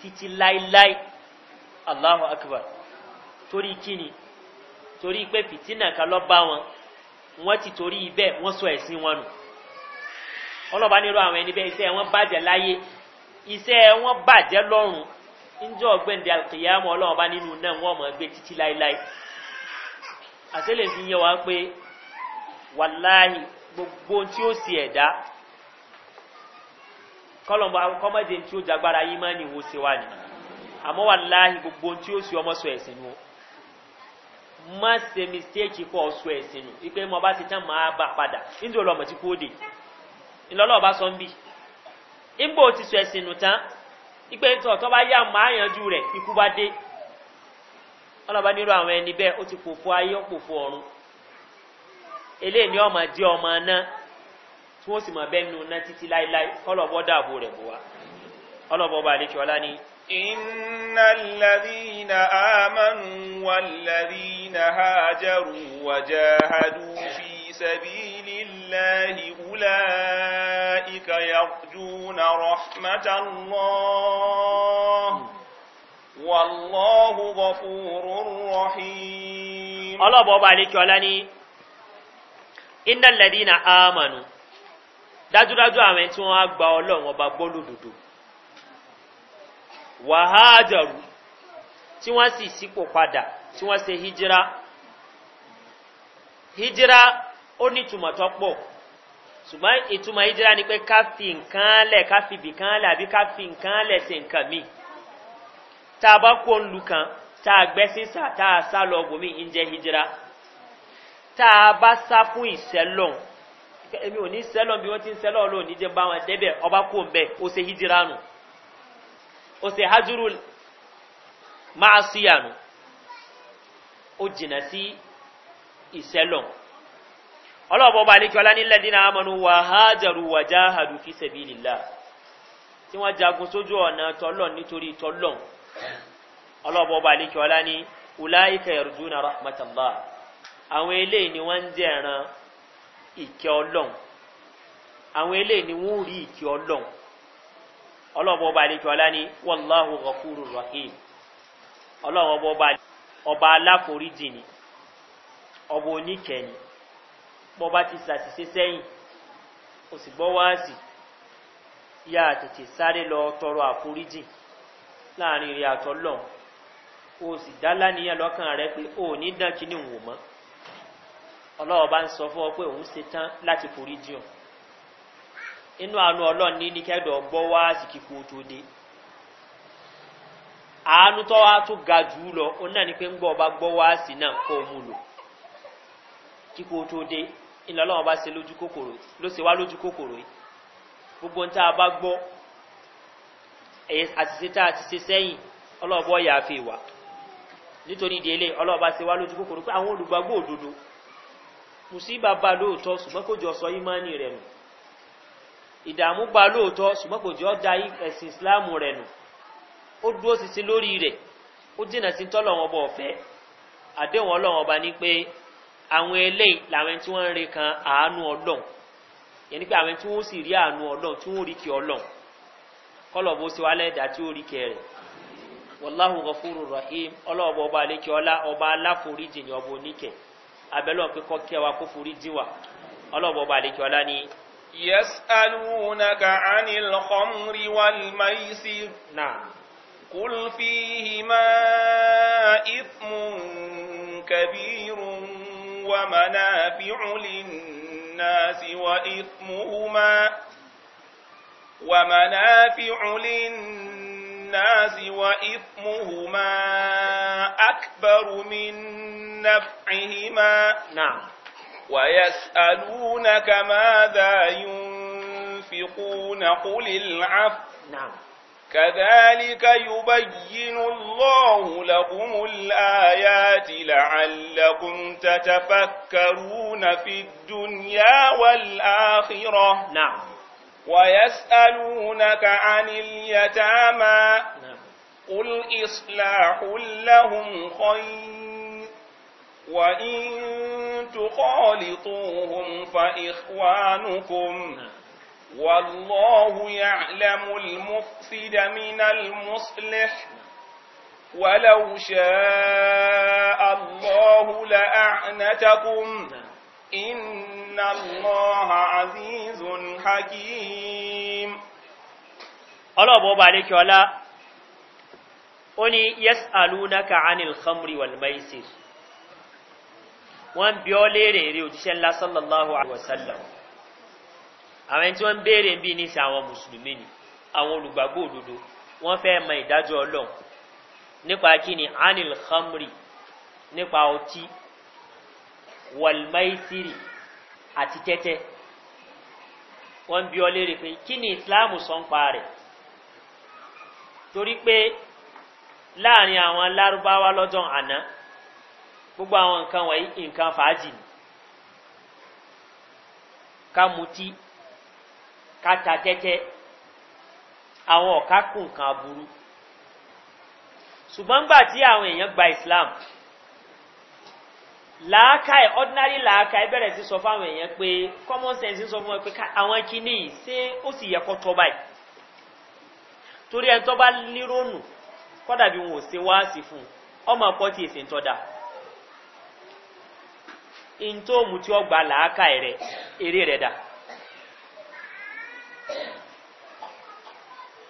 títí láíláí allahu akbar torí kíni torí pé fìtínà kan lọ bá wọn wọ́n ti torí bẹ́ẹ̀ wọ́n sọ ẹ̀sìn wọn nù ọlọ́ba nírú àwọn ẹni bẹ́ẹ̀ iṣẹ́ wọn bàjẹ́ láyé iṣẹ́ wọn bàjẹ́ lọ́rùn níjọ́ ọ̀gbẹ́ndẹ̀ alkìyàmọ̀ ọlọ́ọ̀bá nínú náà wọ́n mọ̀ gbé títí láíláí àtẹ́lẹ̀ fi yẹ wá pé wàláhì gbogbo tí ó sì ẹ̀dá kọlọ̀mọ̀ akọ́mọ́dé tí ó jagbára yí máa ní wo ṣe wà ní àmọ́ wà láàyè gbogbo tí ó sì ọmọ sọ ẹ̀sìn nu má ṣe mistake pọ̀ sọ ẹ̀sìn nu ipe mo bá ti tán máa bà padà nítorí ọlọ́mọ tí kò dé ìlọ́lọ́ bá sọ ń bì ńgbò ti sọ ẹ̀sìn nu tán ipe ntọ́ tó bá yá máa yanjú rẹ̀ ikú bá dé ọlọ́ba nírú àwọn ẹni bẹ́ẹ̀ ó ti pòfo ayé ó pòfo ọ̀run eléyìí ni ọmọ jẹ́ ọmọ náà tí wọ́n sì mọ̀ bẹ́ẹ̀ nù náà títí láíláí kọ́lọ̀bọ́ dààbò rẹ̀ bọ̀ wá ọlọ́bọ̀ bá àlejò ọlá ni. إن الذين آمنوا والذين هاجروا وجاهدوا في سبيل الله أولئك يرجون رحمة الله والله غفور رحيم الله بابا عليك ولاني iná lẹ́dínà àmànù dájúdájú àwọn tí wọ́n á gba ọlọ́run ọba gbólódodo wàhájọ̀rù tí wọ́n sì sípò padà tí wọ́n se hijira hijira ó ní ìtumọ̀ tó pọ̀ ṣùgbọ́n ìtumọ̀ hijira ni pé ká fi nǹkan lẹ̀ ká fi bì kan lẹ̀ àbí ká fi nǹkan lẹ̀ sí nǹkan mi tá a bá kó ń lu kan tá a gbẹ́sí sá tá a sá lọ bòmí ń jẹ́ hijira. tá a bá sá fún ìṣẹ́lọ̀n èmi ò ní ìṣẹ́lọ̀n bí wọ́n ti ń ṣẹlọ̀ lóò ní jẹ́ bá wọn débẹ̀ ọba kò mbẹ́ ó ṣe hijiranu ó ṣe hajuru máa síyànù ó jìnà sí ìṣẹ́lọ̀n ọlọ́ọ̀bọ̀ bá alékí ọlá nílẹ̀ dínà àmọ́nu wà hájàrú wà jáhàrú fi sẹ̀bí nìlá tí wọ́n jagun sójú ọ̀nà tọ́lọ̀ nítorí tọ́lọ̀ ọlọ́ọ̀bọ̀ bá alékí ọlá ní ulaika yarjuna rahmatullah àwọn eléyìí ni wọ́n ń jẹ́ ẹran ìkẹ́ ọlọ́run àwọn eléyìí ni wọ́n rí ìkẹ́ ọlọ́run ọlọ́run ọba àlejò ọlá ni wàláhùn ọkùnrin rahim ọlọ́run ọba ọba aláforíjì ni ọba oníkẹ́ni bọ́ba ti sàṣìṣe sẹ́yìn o sì gbọ́ wá sí yá tètè sáré lọ tọrọ àforíjì láàrin ìrìn àtọ́lọ́run o sì dá láníyàn lọ́kàn rẹ pé o ní dán kíní wò mọ́ ọlọ́wọ́ bá ń sọ fún ọ pé òun ṣe tán láti forí jì ọ inú àánú ọlọ́run ní ní kẹ́dọ̀ gbọ́ wá àsìkí tó dé àánú tó wá tó ga jù lọ ó náà ni pé ń gbọ́ ọba gbọ́ wá sí náà kó o mú lò kí kú tó dé iná ọlọ́run bá ṣe lójú kòkòrò ló ṣe wá lójú kòkòrò yìí gbogbo ń tá a bá gbọ́ àṣìṣe tá a ti ṣe sẹ́yìn ọlọ́ọ̀bọ yà á fi wà nítorí ìdílé ọlọ́ọ̀bá ṣe wá lójú kòkòrò pé àwọn olùgbàgbọ́ òdodo mùsíbà bá lóòótọ́ ṣùgbọ́n kò jọ sọ ìmánì rẹ̀ nù ìdààmú bá lóòótọ́ ṣùgbọ́n kò jọ da ẹ̀sìn ìsìláàmù rẹ̀ nù ó dúró sisi lórí rẹ̀ ó dènà sí tọ́lọ̀wọ́n ọba ọ̀fẹ́ àdéhùn ọlọ́wọ́n ọba ní pé àwọn eléyìí làwọn tí wọ́n ń re kan àánú ọlọ́run yẹn ni pé àwọn tí wọ́n sì rí àánú ọlọ́run tí wọ́n rí kí ọlọ́run kọ́lọ̀ bó ṣe wá lẹ́dàá tí ó rí kẹ́ rẹ̀ wàláhùn gọfúrú rahim ọlọ́wọ́ ọba àlékè ọlá ọba aláforíjì ni ọba oníkẹ́ abẹ́lọ́ pé kọ́ kẹ́ wa kó forí dín wa ọlọ́bọ̀ bá lè kí ọlá ni. yẹ́sàlùnàkà ánìl khamri wàlmáìsì. náà. kul fihima ifmun kabirun wa manafi'u linnasi wa ifmuhuma wa manafi'u linnasi. الناس وإثمهما أكبر من نفعهما نعم ويسألونك ماذا ينفقون قل العفو نعم كذلك يبين الله لكم الآيات لعلكم تتفكرون في الدنيا والآخرة نعم ويسألونك عن اليتامى نعم قل إصلاح لهم خير وإن تخالطوهم فإخوانكم والله يعلم المفسد من المصلح ولو شاء الله لأعنتكم إن الله عزيز حكيم الله بابا عليك ولا أني يسألونك عن الخمر والميسر wọ́n bí ọ́ léèrè rí òjíṣẹ́ ńlá sallallahu alaihi wasallam àwọn ẹni tí wọ́n ń béèrè bíi ní sẹ́ àwọn mùsùlùmí ni àwọn olùgbàgbọ́ òdodo wọ́n fẹ́ mọ ìdájọ́ ọlọ́run nípa kíni anil khamri nípa ọtí walmaisiri àti tẹ́tẹ́ wọ́n bí ọ́ léèrè pé kíni islam sọ rẹ̀ torí pé láàrin àwọn lárúbáwá lọ́jọ́ àná gbogbo àwọn nǹkan wọ̀nyí nǹkan fàájì ni ká mutí ká ta tẹ́tẹ́ àwọn ọ̀ká kù nǹkan aburú ṣùgbọ́n gbà tí àwọn èèyàn gba islam làákàì ordinary làákàì bẹ̀rẹ̀ sí sọ fáwọn èèyàn pé common sense sọ fún wọn pé àwọn kìíní ṣé ó sì yẹ kó tọ́ báyìí torí ẹni tó bá ní rónù kọ́dà bí wọn ò ṣe wá sí fún ọmọ ọ̀pọ̀ èsì ń tọ́ da. in tó mú tí ó gba làákà rẹ̀ eré rẹ̀ dà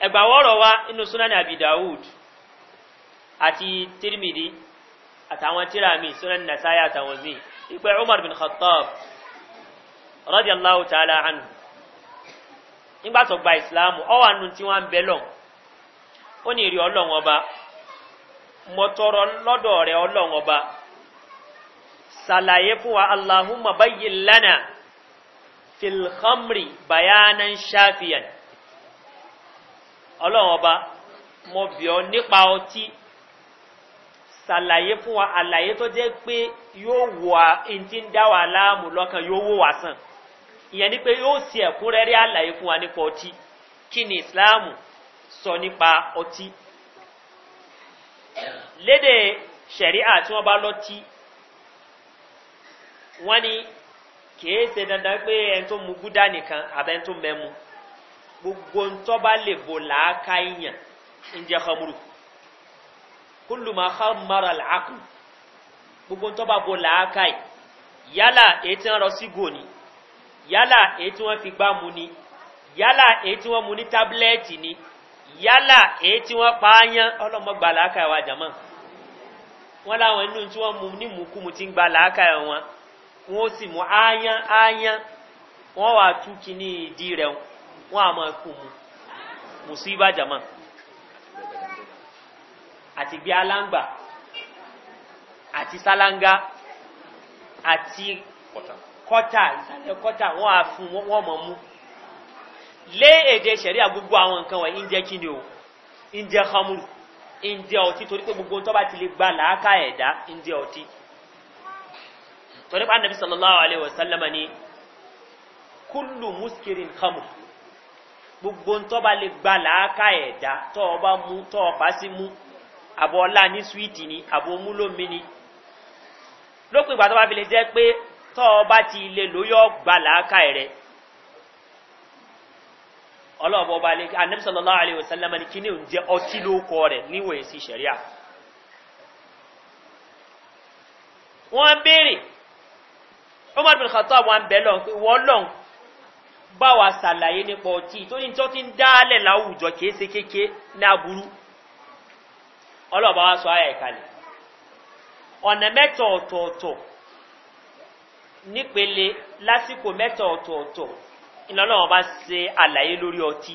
ẹgbàwọ́rọ̀ wa inú sunani abidawood àti tirmidhi àtàwọn tirami sunani nasaya àtàwọn zi ipẹ́ umar bin khattab radiyallahu ta'ala anhu nígbàtọ̀ gba ìsìláàmù ọwà nù tí wọ́n ń bẹ lọ ó ní ìrì ọlọ́wọ́n ọba mọ̀tọ́rọ̀ lọ́dọ̀ rẹ̀ ọlọ́wọ́n ṣàlàyé fún wa Allahumma bayyin lana fil khamri bayanan shafiyan ọlọ́run ọba mo bì ọ nípa ọtí ṣàlàyé fún wa àlàyé tó jẹ́ pé yóò wà ntí ń dá wa láàmú lọ́kàn yóò wò wá sàn ìyẹn ni pé yóò ṣe ẹ̀kúnrẹ́rẹ́ àlàyé fún wa nípa ọtí kí ni ìsìláàmù sọ nípa ọtí léde ṣẹ̀ríà tí wọ́n bá lọ́tí wọ́n ní kìí ṣe dandan pé ẹni tó mu gúdá nìkan àbẹ́ tó mẹ́mu gbogbo ntọ́ bá lè bò láàká ìyàn ń jẹ́ xamuru kúlù máa xamara làákù gbogbo ntọ́ bá bò láàká yìí yálà èyí tí wọ́n rọ sí gò ní yálà èyí tí wọ́n fi gbá mu ní yálà èyí tí wọ́n mu ní tábìlẹ́ẹ̀tì ní yálà èyí tí wọ́n pa á yán ọlọ́mọ gbà láàká ìwà jàmọ́ wọ́n láwọn inú tí wọ́n mu ní mùkúmu ti ń gba láàká ẹ̀ wọn wọ́n sì mú áyán áyán wọ́n wà tú kíní ìdí rẹ̀ wọ́n àmọ́ kù mu mùsùlùmí àjàmọ́ àti gbé aláǹgbà àti sálángá àti kọ́tà ìsàlẹ̀ kọ́tà wọ́n á fún wọ́n mọ̀ mú lé èdè sẹ̀rí àgbogbo àwọn nǹkan wọ̀nyí ń jẹ́ kí ni o ń jẹ́ hamuru ń jẹ́ ọtí torí gbogbo tó bá ti lè gba làákà ẹ̀dá ń jẹ́ ọtí to ne annabi sallallahu alaihi wasallama ni kullu muskirin khamr gbogbo ń tọ́ba lè gba làákà ẹ̀dá tọ́ ọba mú tọ́ ọba sí mú àbọ̀ ọlá ní súwìtì ni àbọ̀ mú lómi ni lópin ìgbà tó bá fi lè jẹ́ pé tọ́ ọba ti lè lóyọ́ gba làákà rẹ̀ ọlọ́ọ̀bọ̀ ọba lè anẹ́bí sọlọ́lá àlè wòsàlámà ní kíní òun jẹ́ ọtí ló rẹ̀ níwèé sí sẹ̀ríà wọ́n béèrè umar bin khattab wa ń bẹ pé wọ́n bá wa ṣàlàyé nípa ọtí tó ní tó ti ń dálẹ̀ láwùjọ kìí ṣe kéke ní aburú ọlọ́ọ̀bá wa sọ ayà ìkàlẹ̀ ọ̀nà mẹ́tọ̀ ọ̀tọ̀ọ̀tọ̀ nípele lásìkò mẹ́tọ̀ ọ̀tọ̀ọ̀tọ̀ ìlọ́lọ́wọ́ bá ṣe àlàyé lórí ọtí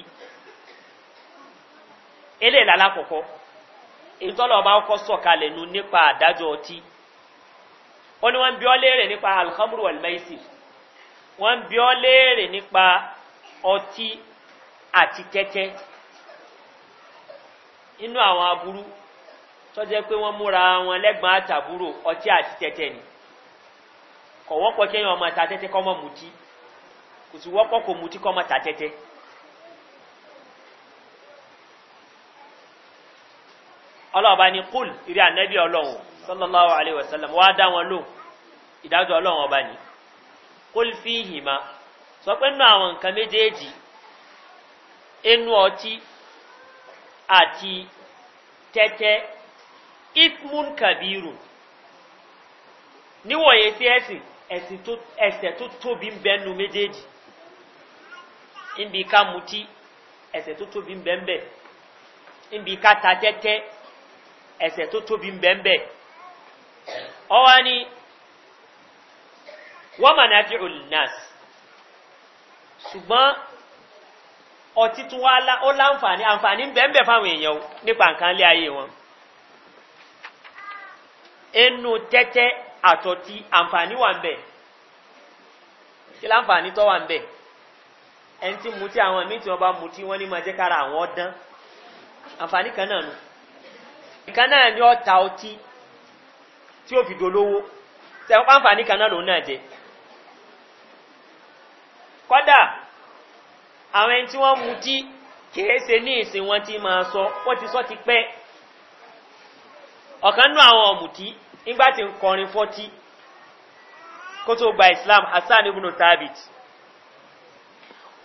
eléèlà alákọ̀ọ́kọ́ èyí tọ́lọ́wọ́ bá kọ́ sọ̀kalẹ̀ nu nípa àdájọ́ ọtí ó ní wọ́n bí ọ́ léèrè nípa alhamdu almaisi wọ́n bí ọ́ léèrè nípa ọtí àti tẹ́tẹ́ inú àwọn aburú tó jẹ́ pé wọ́n múra wọn lẹ́gbọ̀n àtàbúrò ọtí àti tẹ́tẹ́ ni kò wọ́pọ̀ kéèyàn ọmọ ta tẹ́tẹ́ kọ́ kò sì wọ́pọ̀ kò mutí kọ́ mọ́ ọlọ́ọ̀bá ni kúl ìrí ànẹ́bí ọlọ́run sọ́lọ́láwọ́ àlẹ́ wàsálàm wá dá wọn lóhùn ìdájọ́ ọlọ́run ọba ni kólfí ìhìmá sọ pé nínú àwọn nǹkan méjèèjì inú ọtí àti tẹ́tẹ́ ifmun kabiru níwọ̀nyẹ sí ẹ̀sìn ẹ̀sẹ̀ tó tóbi ń bẹ́nu méjèèjì níbi ká mutí ẹ̀sẹ̀ tó tóbi ń bẹ́ńbẹ́ níbi ká ta tẹ́tẹ́ ẹ̀sẹ̀ tó tóbi ń bẹ́ńbẹ́ ọwọ́ ni wọ́n mà náà fi olùnàṣì ṣùgbọ́n ọtí tún wá ó láǹfààní àǹfààní bẹ́ẹ̀bẹ̀ fáwọn èèyàn nípa nǹkan lé ayé wọn ẹnu tẹ́tẹ́ àtọ̀tí àǹfààní wà ń bẹ̀ kí láǹfààní tọ́ wà ń bẹ̀ ẹni tí mutí àwọn míì tí wọ́n bá mutí wọ́n ní máa jẹ́ kára àwọn ọdán àǹfààní kan náà nù ìkan náà ni ọ̀ta ọtí tí ó fi dolówó tẹ̀wọ́n pàǹfààní kan náà lòun náà jẹ́ kọ́dà àwọn ẹni tí wọ́n mú tí kèése ní ìsìn ti ma sọ wọ́n ti sọ ti pẹ́ ọ̀kan nú àwọn ọ̀mùtí nígbà ti ń kọrin kó tó gba islam hassan tabit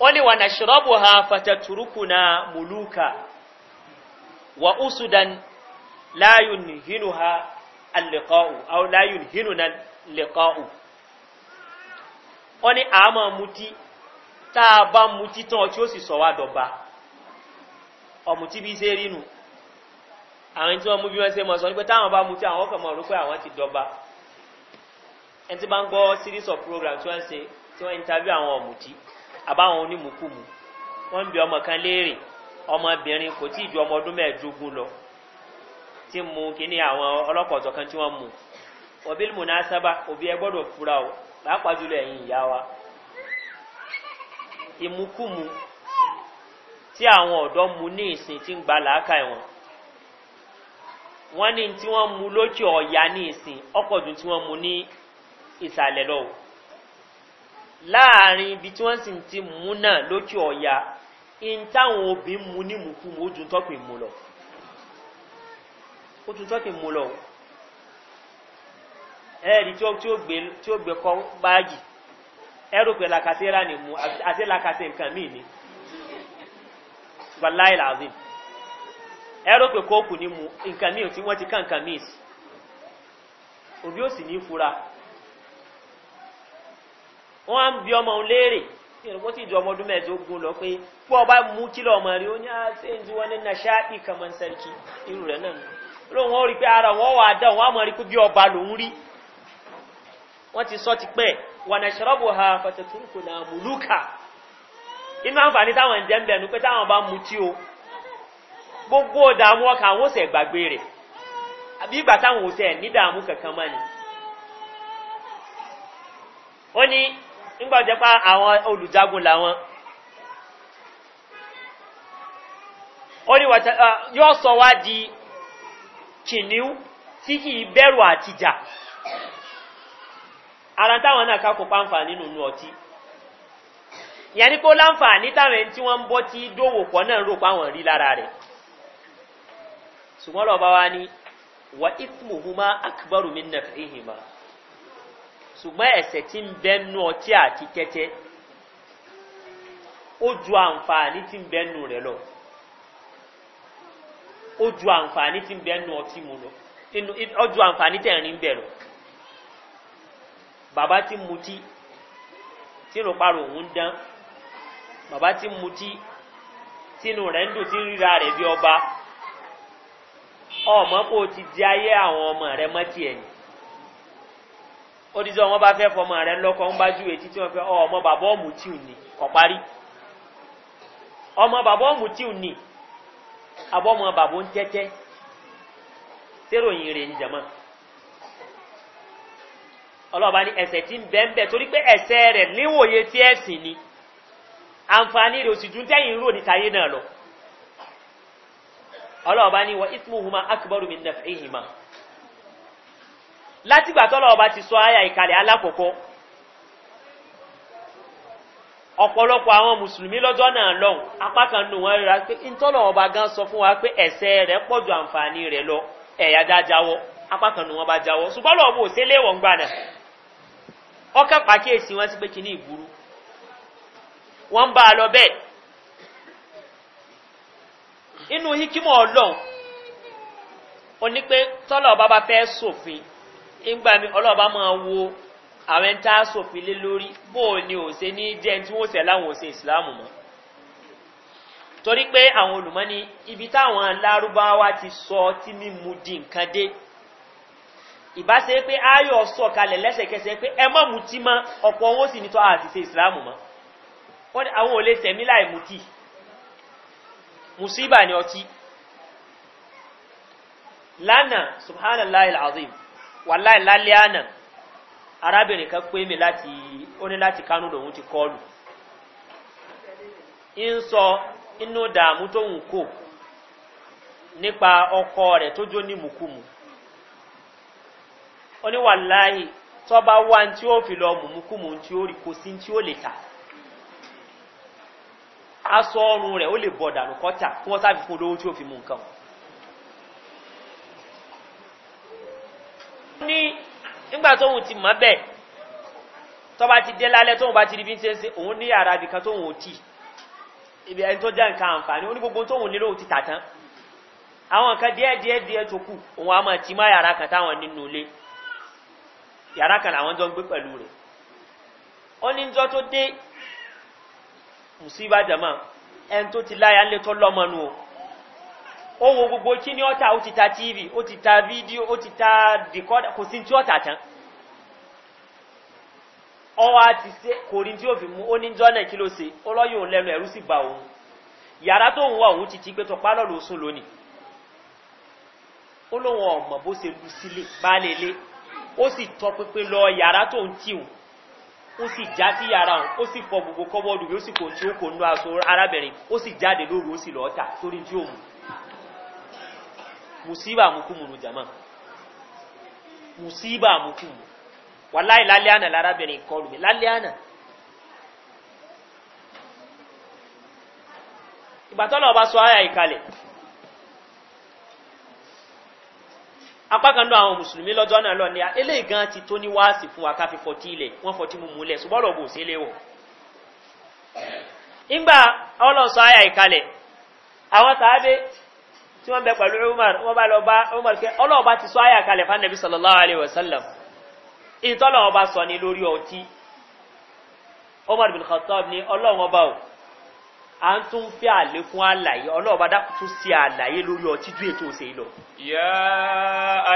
wọ́n ni wà na ṣírọ́bù ha na muluka wa usudan láyùn hínú ha láyùn hínú na lìkọ́ù wọ́n ni àmọ́ tá a bá mu títàn tí ó sì sọ wá dọ̀ba ọ̀mù tí bí ṣe rí nù àwọn tí wọ́n mú bí wọ́n ṣe mọ̀ sọ ní táwọn bá mu tí àwọn kàn rú pé àwọn ti dọ̀ba ẹni tí bá ń gbọ́ series of program tí wọ́n ṣe tí wọ́n interview àwọn ọ̀mùtí àbáwọn onímùkùmù wọ́n ń bi ọmọ kan léèrè ọmọbìnrin kò tí ì ju ọmọ ọdún mẹ́ẹ̀ẹ́dógún lọ tí mu kíní àwọn ọlọ́kọ̀ọ̀tọ̀ kan tí wọ́n mu òbí mu òbí ẹ gbọ́dọ̀ fura o pàápàá jùlọ ẹ̀yìn ìyá wa ìmukúmu tí àwọn ọ̀dọ́ mu ní ìsìn tí ń gba làákà ẹ̀wọ̀n wọ́n ní tí wọ́n mu lókè ọ̀yà ní ìsìn ọ̀pọ̀dún tí wọ́n mu ní ìsàlẹ̀ lọ́wọ́ láàrin ibi tí wọ́n sì ti mú náà lókè ọ̀yà in táwọn òbí mu ní mùkúmu ó ju tọ́pìn mu lọ ó tún tọ́kì mú lọ ẹ̀rí tí ó gbé kọ́ báàgì ẹrù pé làkàṣe rà ní mu nǹkan ni wàláì làzim ẹrù pé kóòkù ní wọ́n ti ka nǹkan míì sí òbí ó sì ní fura wọ́n á ń bi ọmọ òun léèrè wọ́n ti ọmọ ọdún lọ pé fún ọba mú kílọ̀ ọmọ rí ó ní àṣẹ ah, ìdí wọn ní nàṣáàtì kàmán sẹ́ríkì irú rẹ̀ náà lóun ó rí pé ara wọn wà dá wọn wà nà ṣọ́rọ́bù ha fàtẹ̀tùrùkù nà na inú àǹfààní táwọn ẹ̀jẹ̀ ń bẹ̀nu pé bá mu o gbogbo dààmú ọkà àwọn òsè gbàgbé rẹ̀ àbí ìgbà táwọn kankan ni. ó ní nígbà àwọn olùjagun làwọn ó ní sọ wá di ara táwọn náà kákò nínú inú ọtí ìyẹn kó láǹfààní táwọn tí wọ́n ń tí dòwò pọ̀ náà ń rí lára wa ni wà ìfúnmùhùmá akíbọ̀rù mi nàfẹ́ ìhìnmá ṣùgbọ́n ẹ̀sẹ̀ tí ń bẹ́ nú ọtí àti tẹ́tẹ́ ó ju àǹfààní tí ń bẹ́ nú rẹ̀ lọ ó ju àǹfààní tí ń ọtí mu lọ ó bàbá tí mutí tínú parò òun dán bàbá tí mutí tínú rẹ̀ ń dùn tí ríra rẹ̀ bí ọba ọmọ kó o ti di ayé àwọn ọmọ rẹ mọ́tì ẹ̀yìn ó ti sọ wọn bá fẹ́ fọmọ rẹ lọ́kọ̀ ń bá ju etí tí wọ́n fẹ́ ọmọ bàbá ọ̀mù tí ò ní ọ̀parí ọmọ bàbá ọ̀mù tí abọ́mọ bàbá ń tẹ́tẹ́ séròyìn rẹ̀ jẹ̀mọ́. ọlọ́ọ̀bá ní ẹsẹ̀ tí ń bẹ́ẹ̀ torí pé ẹsẹ̀ rẹ̀ níwòye tí ẹ̀sìn ni àǹfààní rẹ̀ òsì dún tẹ́yìn rò ní tayé náà lọ ọlọ́ọ̀bá ní wọ ismuhuma akbaru mi nà fi hìmà tọ́lọ́ọ̀bá ti sọ ìkàlẹ̀ alákọ̀ọ́kọ́ ọ̀pọ̀lọpọ̀ àwọn mùsùlùmí lọ́jọ́ náà apá kan nù pé gan sọ fún wa pé ẹ̀sẹ̀ rẹ̀ àǹfààní rẹ̀ lọ ẹ̀yà dá ọkàn pàkíyèsí wọn sí pé kìíní ìburú wọn bá a lọ bẹẹ inú hikimọ ọlọrun oní pé tọlọba bá fẹ sòfin ìgbà mi máa wo àwọn tá a sòfin lé lórí o ní òsè ní jẹ tí wọn sẹ láwọn ti sọ mímu di nǹkan ìbáṣe pé ayọ̀ sọ̀kalẹ̀ lẹ́sẹ̀kẹsẹ̀ pé ẹ mọ́ mutí mọ́ ọ̀pọ̀ owó sì nítọ́ àti ṣe ìsìláàmù mọ́ wọ́n ni àwọn olè tẹ̀mí láì mutí musíbà ni ọtí lánàá subhanallah alazim wàláì lálẹ́ àná arábìnrin kan pé mi láti ó ní láti kánú lòun ti kọlù ń sọ inú dààmú tóun kò nípa ọkọ rẹ̀ tó jó ní mùkúmù oníwàláyì tó bá wá tí ó fi lọ mùmúkùmù tí ó rí kò sí tí ó lè tà aṣọ ọrùn rẹ̀ ó lè bọ̀ dànù kọ́tà kí wọ́n sáfi fún olówó tí ó fi mú nǹkan ní nígbà tóhun ti mọ́ bẹ́ẹ̀ tó bá ti dé lálẹ́ tóhun bá ti rí bí ṣe ń òun ní yàrá ibì kan tóhun ò tì ibi ẹni tó já nǹkan àǹfààní ó ní gbogbo tóhun nílò ti tà tán àwọn nǹkan díẹ̀ díẹ̀ díẹ̀ tó kù òun á máa ti má yàrá kan táwọn nínú ilé yàrá kan làwọn jọ ń gbé pẹ̀lú rẹ̀ ó ní jọ tó dé mùsíbà jama tó ti láyà ńlẹ̀ tó lọ́mọ nu o ó wo gbogbo kí ni ọ̀tà ó ti ta tv ó ti ta fídíò ó ti ta dìkọ́dà kò sí tí ọ̀tà tán ọwọ́ àti ṣe kò rí tí ó fi mú ó ní jọ náà kí ló ṣe ó lọ́yìn òun lẹ́nu ẹ̀rú sì ba òun yàrá tó ń wọ òun ti ti pé tó pa lọ́lọ́ lónìí ó lóun ọ̀mọ̀ bó ṣe lu sílé bá lélẹ̀ ó sì tọ́ lọ yàrá tó ń tíù ó sì já sí yàrá òun ó sì fọ gbogbo kọ́bọ́ọ̀dù o ó sì kò tí ó kò nú aṣọ arábìnrin ó sì jáde lóru ó sì lọ́ọ́ tà torí tí ó mú musiba mukumunu jama musiba mukumunu wàláì lálẹ́ àná lárábìnrin kọlù mi lálẹ́ àná ìgbàtọ́lọ̀ ọba sọ ayà ìkalẹ̀ apákanú àwọn mùsùlùmí lọ́jọ́ náà lọ ní eléyìí gan ti tó ní wáàsì fún wa ká fi fọtí ilẹ̀ wọ́n fọtí mú múlẹ̀ ṣùgbọ́n lọ́bù sí ilé wọ̀. ìgbà ọlọ́sọ àyà ìkalẹ̀ àwọn tàbí tí wọ́n bẹ pẹ̀lú umar wọ́n bá lọ bá umar sallallahu alayhi wa sallam ìtọ́lọ́wọ́n bá sọ ní lórí bin khattab ní ọlọ́wọ́n bá a ń tún fẹ́ àlékún àlàyé ọlọ́ọ̀bá tún sí àlàyé lórí ọtí ètò òsè lọ. yá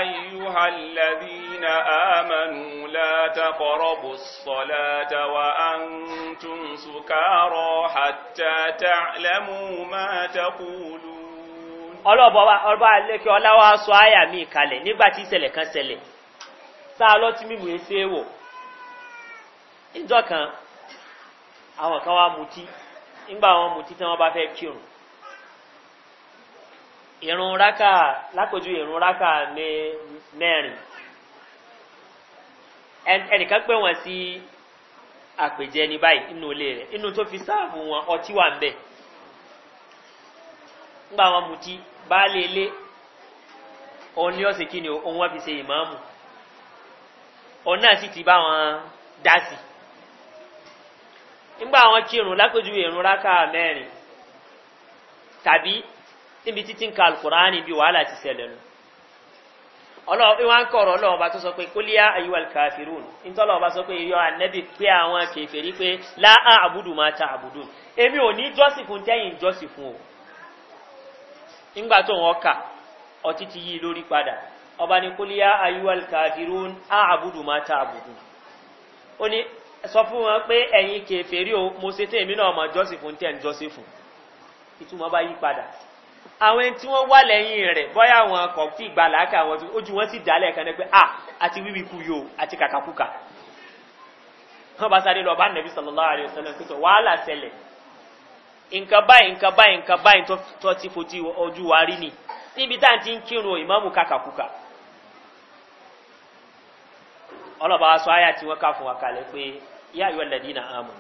ayúhàlàbí na àmànù látàkọ̀rọ̀bù wa á ń tún sùkárọ̀ àtàtà lẹ́mú máa takúlù. ọlọ́ọ̀bá alékè ọláwá sọ kalẹ̀ nígbà tí kan ṣẹlẹ̀ ìjọ kan àwọn ńgbà wọn mú títí wọn bá fẹ́ kírun ìrún rákà lápòjú ìrún rákà mẹ́rin ẹnìkan pé wọn sí àpèjẹ ní báyìí inú ilé rẹ inú tó fi sáàbù wọn ọtí wà ń bẹ ńgbà wọn mú tí baálé ilé òun ni ó sì kí ni òun wọn fi ṣe ìmáàmù òun náà sì ti bá wọn dá sí i. ńgbà àwọn kírun lápèjúwe ìrún rákà mẹ́rin tàbí níbi títí ka ameri bí wàhálà ti ṣẹlẹ̀ nù ọlọ́run pé wọ́n ń kọ̀rọ̀ ọlọ́run bá tó sọ pé kólíà àyíwá kàfírùn nítọ́lọ́run bá sọ pé yọ ànẹ́bì pé àwọn kèfèrí pé láà àbùdù máa ta àbùdù èmi ò ní jọ́sìfún tẹ́yìn jọ́sìfún o nígbà tó wọn kà ọtí ti yí lórí padà ọba ní kólíà àyíwá kàfírùn máa ta ó sọ fún wọn pé ẹ̀yin kèfèrí o mo ṣe tẹ́ èmi náà mọ̀ jọ́sìn fún tẹ́ ń jọ́sìn fún ìtumọ̀ bá yí padà àwọn ẹni tí wọ́n wà lẹ́yìn rẹ̀ bọ́yá àwọn ọkọ̀ tí ìgbà làákà wọn tí ojú wọn sì dálẹ̀ kan pé ah, a àti wíwí ku yóò àti kàkàkùkà wọn bá sáré lọ bá nàbí sọlọ́lá àríwá sọlọ́ pé sọ wàhálà sẹlẹ̀ nǹkan báyìí nǹkan báyìí nǹkan báyìí tó ti fojú ojú wa rí ni níbi tá à ń ti ń kírun ìmọ̀mù kàkàkùkà ọlọ́ba wa sọ àyà tí wọ́n kà fún wa kalẹ̀ pé yá ayọ̀ lẹ́dínà àmù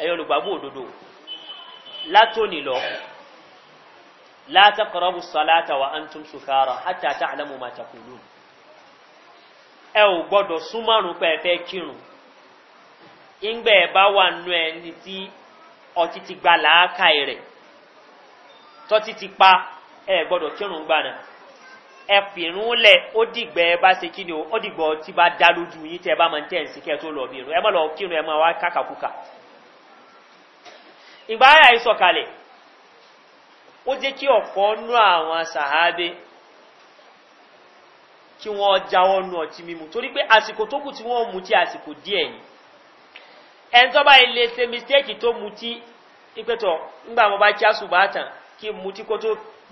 ẹ̀yọ́ olùgbàgbọ́ òdodo látòní lọ látàkọ̀rọ̀bù sọ́látà wa an tún sùkárọ̀ hátàtà àlámù màtàkùlù ẹ ò gbọ́dọ̀ súnmọ́rùn pẹ̀fẹ́ kírun ìgbẹ́ ẹ̀ bá wà nù ẹni tí ọtí ti gba làákàì rẹ̀ tọ́tí ti pa ẹ gbọ́dọ̀ kírun gbà ẹfìrún lẹ̀ ó dìgbẹ́ ẹ bá ṣe kí ni o ó dìgbọ́ tí bá dá lójú yín tẹ́ bá máa ń tẹ̀ ń tó lọ bí irun ẹ má lọ kírun ẹ má wá kákàkúkà. ìgbà ayà yìí ó jẹ́ kí ọ̀pọ̀ nú àwọn sàhábé kí wọ́n jáwọ́ nú ọtí mímu torí pé àsìkò tó kù tí wọ́n àsìkò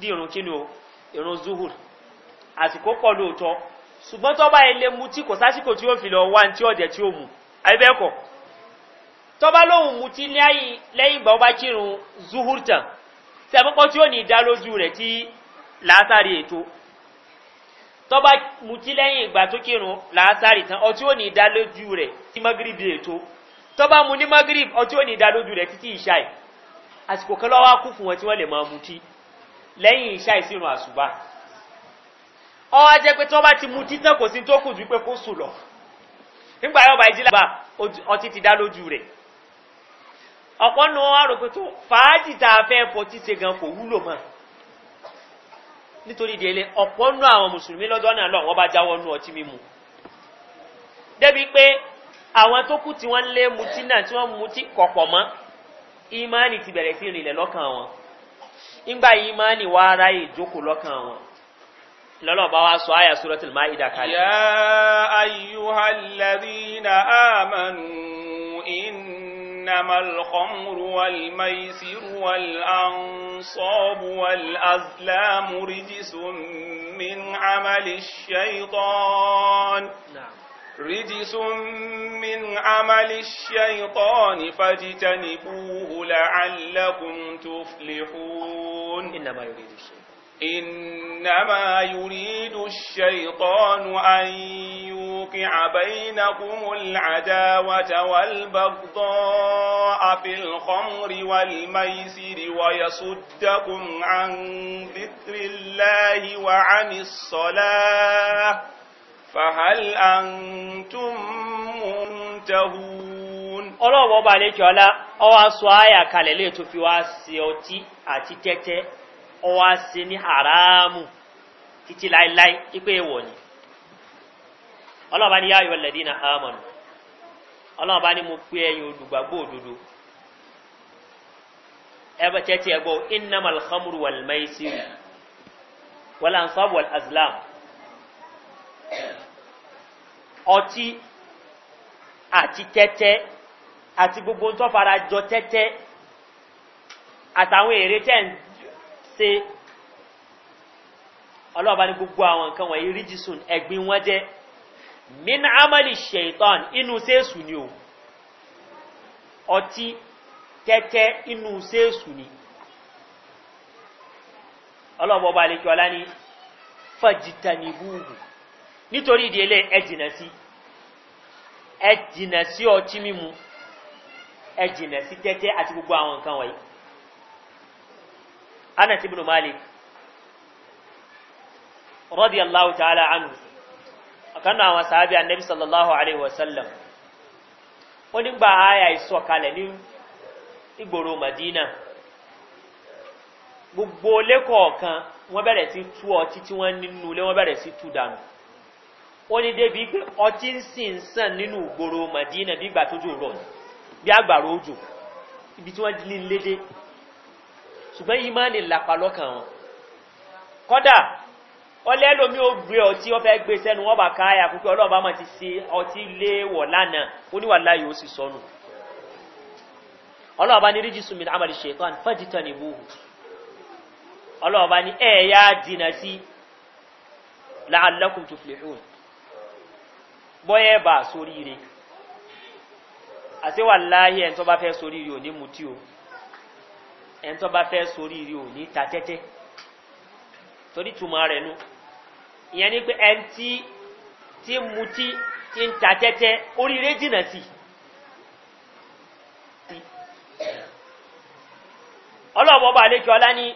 díẹ̀ irun kí irun zuhur àsìkò pọ̀ lóòótọ́ ṣùgbọ́n tọ́ba ilé mutí kò sásìkò tí ó fi lọ wá ní tí ọ̀jẹ̀ tí ó mú àbẹ́bẹ́kọ̀ tọ́ba lóhùn mutí lẹ́yìn ìgbà ọba kírun zuhurtan tẹ́pọ́pọ́ tí ó ní ìdá lójú rẹ̀ tí làásàrí ètò tọ́ba mutí lẹ́yìn ìgbà tó kírun làásàrí tán ọtí ó ní ìdá lójú rẹ̀ tí magribi ètò tọ́ba mu ní magrib ọtí ó ní ìdá rẹ̀ títí ìṣáì àsìkò kan lọ́wọ́ kú fún wọn tí wọ́n lè máa mutí lẹ́yìn ìṣáì sínú àṣùbà ọwọ́ jẹ́ pé tí wọ́n bá ti mu títàn kò sí tó kù ju pé kó sùn lọ nígbà yóò bá ọtí ti dá lójú rẹ̀ ọ̀pọ̀ nù wọ́n rò pé tó fàájì tá a fẹ́ fọtí ṣe gan kò wúlò mọ́ nítorí ìdílé ọ̀pọ̀ nù àwọn mùsùlùmí lọ́dọ́ náà lọ bá jáwọ́ nù ọtí mímu débi pé àwọn tó tí wọ́n lé mutí náà tí wọ́n lọ́lọ́ bá wá سورة المائدة يا أيها الذين آمنوا إنما الخمر والميسر والأنصاب والأزلام رجس من عمل الشيطان نعم. رجس من عمل الشيطان فاجتنبوه لعلكم تفلحون إنما يريد الشيطان إنما يريد الشيطان أن يوقع بينكم العداوة والبغضاء في الخمر والميسر ويصدكم عن ذكر الله وعن الصلاة فهل أنتم منتهون ọlọ́wọ́ bá lè kí ọlá ọwá sọ áyà kalẹ̀ ọwọ́ ṣe ní haramu títí láíláí ipé èwọ̀ ni ọlọ́ọ̀bá ní yáyọ̀ lẹ́dí na hamanu ọlọ́ọ̀bá ní mo pé ẹyin olùgbàgbó òdodo ẹbẹ tẹ́tí ẹgbọ́ innam alhamdu wal maisiru wal ansab wal azlam ọtí àti tẹ́tẹ́ àti gbogbo tó jọ tẹ́tẹ́ àtàwọn èrè tẹ́ se ṣe ọlọ́ọ̀bá ní gbogbo àwọn nǹkan wọ̀nyí ríjìsùn ẹ̀gbin wọ́n jẹ́ min amali shaitan inú sẹ́ẹ̀sù ni o ọtí tẹ́tẹ́ inú sẹ́ẹ̀sù ni ọlọ́ọ̀bá ọba àlekí ọlá ní fàjìtàníbùhù nítorí ìdílé ẹ jìnà sí ẹ jìnà sí ọtí mímu ẹ jìnà sí tẹ́tẹ́ àti gbogbo àwọn nǹkan wọ̀nyí anas ibn malik radiyallahu ta'ala anhu akan àwọn sahabi annabi sallallahu alaihi wasallam wọ́n nígbà aya ìsọ kalẹ̀ ní ìgboro madina gbogbo lẹ́kọ̀ọ̀kan wọ́n bẹ̀rẹ̀ sí tú ọtí tí wọ́n nínú ilé wọ́n bẹ̀rẹ̀ sí tú dànù ó ní débi pé ọtí ń sì ń sàn nínú madina bí ìgbà tó jò rọ̀ bí àgbàrá ibi tí wọ́n ní lédè ṣùgbọ́n ìmánì lápá lọ́kàn wọn kọ́dà ọlẹ́ lómi ó gbé ọtí ọ fẹ́ gbé sẹ́nu wọ́n bá káyà púpẹ́ ọlọ́ọ̀bá máa ti se ọtí léèwọ̀ lánàá oníwàlá yóò sì sọnù ọlọ́ọ̀bá ní ríjìsùn mi àmàlì ṣètàn fẹ́jìtà ní búhù ọlọ́ọ̀bá ní ẹ̀yà dìnà sí láàlẹ́kùn tó fìlẹ̀hùn bọ́yẹ̀ bá sóríire àti wà láyé ẹ̀ tó bá fẹ́ sóríire ò ní mutí o ẹni tó bá fẹ́ sórí rí ò ní ta tẹ́tẹ́ torí túmọ̀ rẹ̀ nu ìyẹn ni pé ẹni tí tí mutí tí ń ta tẹ́tẹ́ oríire jìnnà sí i ọlọ́ọ̀bọ̀ bá lékè ọlá ní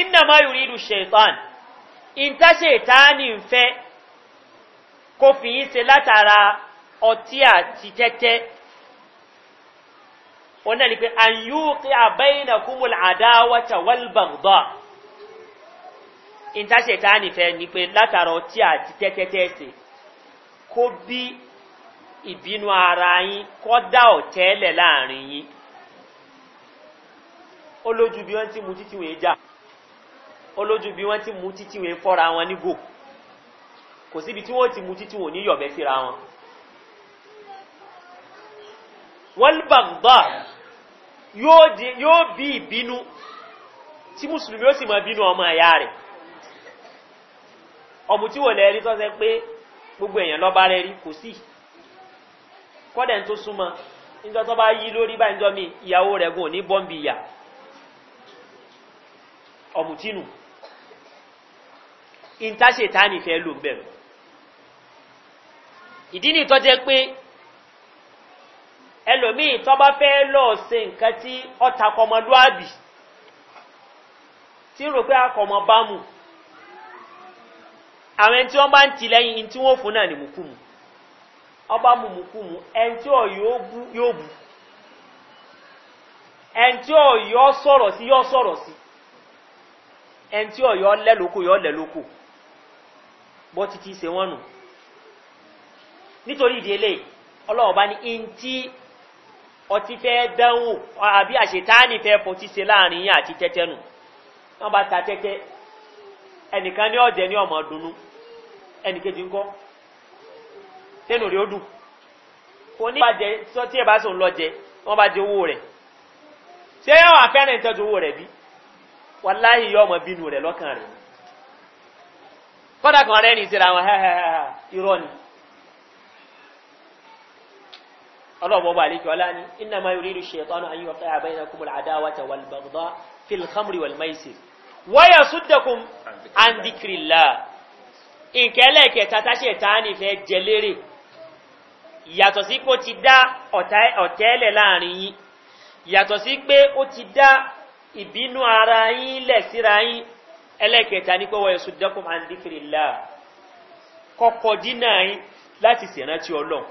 iná máa yòrí ìlú ṣètàn ìtaṣe ìtaání ń fẹ́ kó fi yín ṣe látara ọtí àti tẹ́tẹ́ òun náà ni pé an yúkí àbẹ́yìnà kúmùl àdáwàtà wálbàgbà ìtàṣẹ̀tà nìfẹ́ ni pé látara ọtí àti tẹ́tẹ́tẹ́sẹ̀ kó bí ìbínú ara yín kọ́ dá ọ̀tẹ́lẹ̀ láàrin yín olójú bí wọ́n ti mú títí wọ́n já olójú bí wọ́n ti mú títí wọ́n fọ́ra wọn nígò kò síbi tí wọ́n ti mú títí wọ́n ní síra wọn. wọ́n bàgbà yóò bí ìbínú tí mùsùlùmí ó sì ma bínú ọmọ ẹ̀yà rẹ̀ ọmọ tí wò lẹ́rí tó ṣe gbogbo èèyàn lọ́ba rẹ̀ rí kò sí kọ́dẹ̀ tó súnmọ́ níjọ́ tó bá yí lórí bá níjọ́ mi ìyàwó rẹ̀ gùn ní bọ́m̀bì ìyà ọmọ tínú ìntàṣetánì lò ẹlòmíì tó bá fẹ́ lọ ṣe nǹkan tí ọta kọmọdúàbì tí rò pé akọmọ bá mu àwọn ẹni tí wọ́n bá ń ti lẹ́yìn tí wọ́n fún náà ní mùkúmu ọba mu bu ẹni tí sọ̀rọ̀ sí sọ̀rọ̀ tí ṣe wọ́n nù nítorí ìdí eléyìí ọlọ́wọ́ bá ní in tí ọtí fẹ́ dánwò àbí àṣetáàní fẹ́ fọtí se láàrin yín àti tẹ́tẹ́ nù wọ́n bá ta tẹ́tẹ́ ẹnìkan ní ọ̀jẹ̀ ní ọmọ dunu ẹnìkejì ńkọ́ tẹ́nu rí ó dùn kò ní bàjẹ́ tí ẹ̀ bá sòun lọ jẹ wọ́n bá jẹ owó rẹ̀ ṣé yóò wà ìtọ́jú owó rẹ̀ bí wọ́n láyé yọ ọmọ bínú rẹ̀ lọ́kàn rẹ̀ kọ́dà kan rẹ́ ní ìsira wọn irọ́ ni. ọlọ́ọ̀bọ̀ bá lè kí ọlá ní iná máa rí ṣe tánú ayé wọ́n tsáyà báyìí na kúmùl àdáwàta walbagdá filhamri walmaisi wáyà súdẹ̀kùn andikirila ìkẹ́lẹ̀ kẹta táṣẹ̀ tání fẹ́ jẹlérè yàtọ̀ sí pé ó ti dá ọ̀tẹ́lẹ̀ láàrin yín yàtọ̀ sí pé ó ti dá ìbínú ara yín lẹ̀ síra yín ẹlẹ́kẹta ní pé wáyà súdẹ̀kùn andikirila kọ́kọ́ dínà yín láti sèrántí ọlọ́run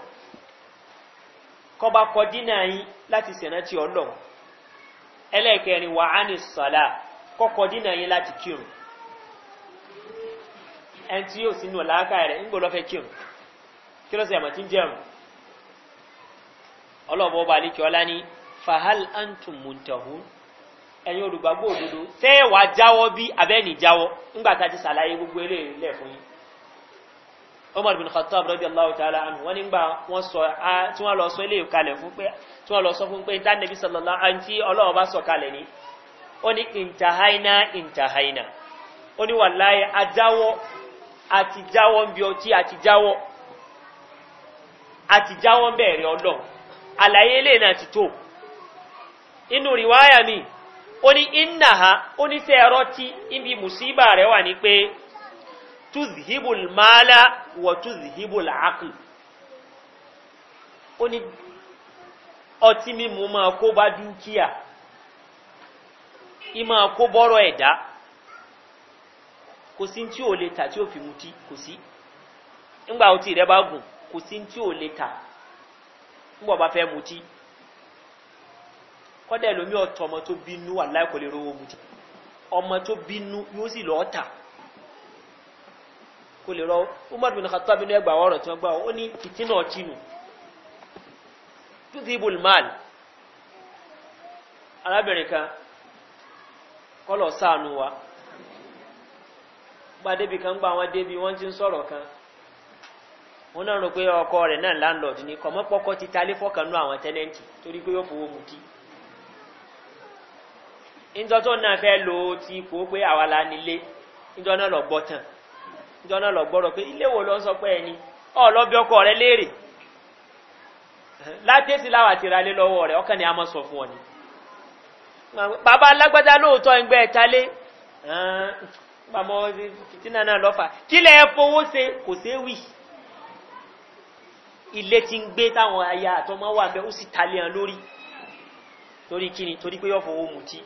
kọba kọdina dínà lati láti ọ ọlọ́run ẹlẹ́ẹ̀kẹrin wà á ní sọ̀lá kọ́kọ́ dínà yín láti kírun ẹni tí yóò sínú làákà rẹ̀ ń gbọ́dọ̀ kírun kí ló sì tí ń jẹun ọba ọlá fahal antum muntahun ẹ̀yin olùgbàgbọ́ òdodo tẹ́ẹ̀wá jáwọ́ bí abẹ́ni jáwọ́ ńgbà tá a ti sàlàyé gbogbo eléyìí umar bin khattab rọ́bí allahu ta'ala anhu wọ́n nígbà wọ́n sọ tí wọ́n lọ sọ ilé ìkalẹ̀ fún pé tí wọ́n lọ sọ fún pé dánilẹ́bí sallallahu àti ọlọ́wọ́ bá sọ kalẹ̀ ní ó ní intahaina intahaina ó ní wàláyé ajáwọ́ àti jáwọ́ ń bí ọtí àti jáwọ́ àti jáwọ́ ń bẹ̀rẹ̀ ọlọ́run àlàyé ti tó inú rìwáyà mi ó innaha ó ní sẹ́ẹ̀rọ́ tí ibi mùsíbà rẹ̀ wà ní pé tụzì hibul maala wọ tụzì hibul a haka o ni otu maa ko bá dukiya i maa ko boro ẹda ko si n ti o le ka ti o fi muti ko si n gbagoti irebagun ko si n ti o le ka n gbogbofe muti kodèlomi otu omo to bi nnu alaikole roho muti omo to bi nnu o si lọ ọta kò lè rọ umar bin khattab inú ẹgbàá ọ̀rọ̀ tí wọ́n gbà ó ní fìtínà ọ̀chínú yudhibul mal arábìnrin kan kọ́lọ̀ sáànù wa gba débi kan gba àwọn débi wọ́n ti ń sọ̀rọ̀ kan wọ́n náà rò pé ọkọ rẹ̀ náà landlord ni kọ̀mọ́ pọ́kọ́ ti talé fọ́kànnú àwọn tẹ́nẹ́ǹtì torí pé yóò fowó mu kí ìjọ tó náà fẹ́ la nílé ìjọ náà lọ gbọ́ tán jọ́nà lọ gbọ́rọ̀ pé ilé wo lọ sọ pé ẹni ọlọ́bí ọkọ rẹ léèrè látẹ́sí láwà ti ra lé lọ́wọ́ rẹ̀ ọkàn ni a mọ́ sọ fún ọ ni bàbá alágbádá lóòótọ́ ẹgbẹ́ ẹ̀tálé pàmọ́ fìtínà náà lọ́fà kílẹ̀ fowó se kò sé wì ilé ti ń gbé táwọn aya àtọmọ wà bẹ́ ó sì talé hàn lórí torí kíni torí pé yọ fowó mutí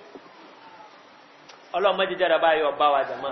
ọlọ́mọdé dára báyọ̀ bá wa jàmọ́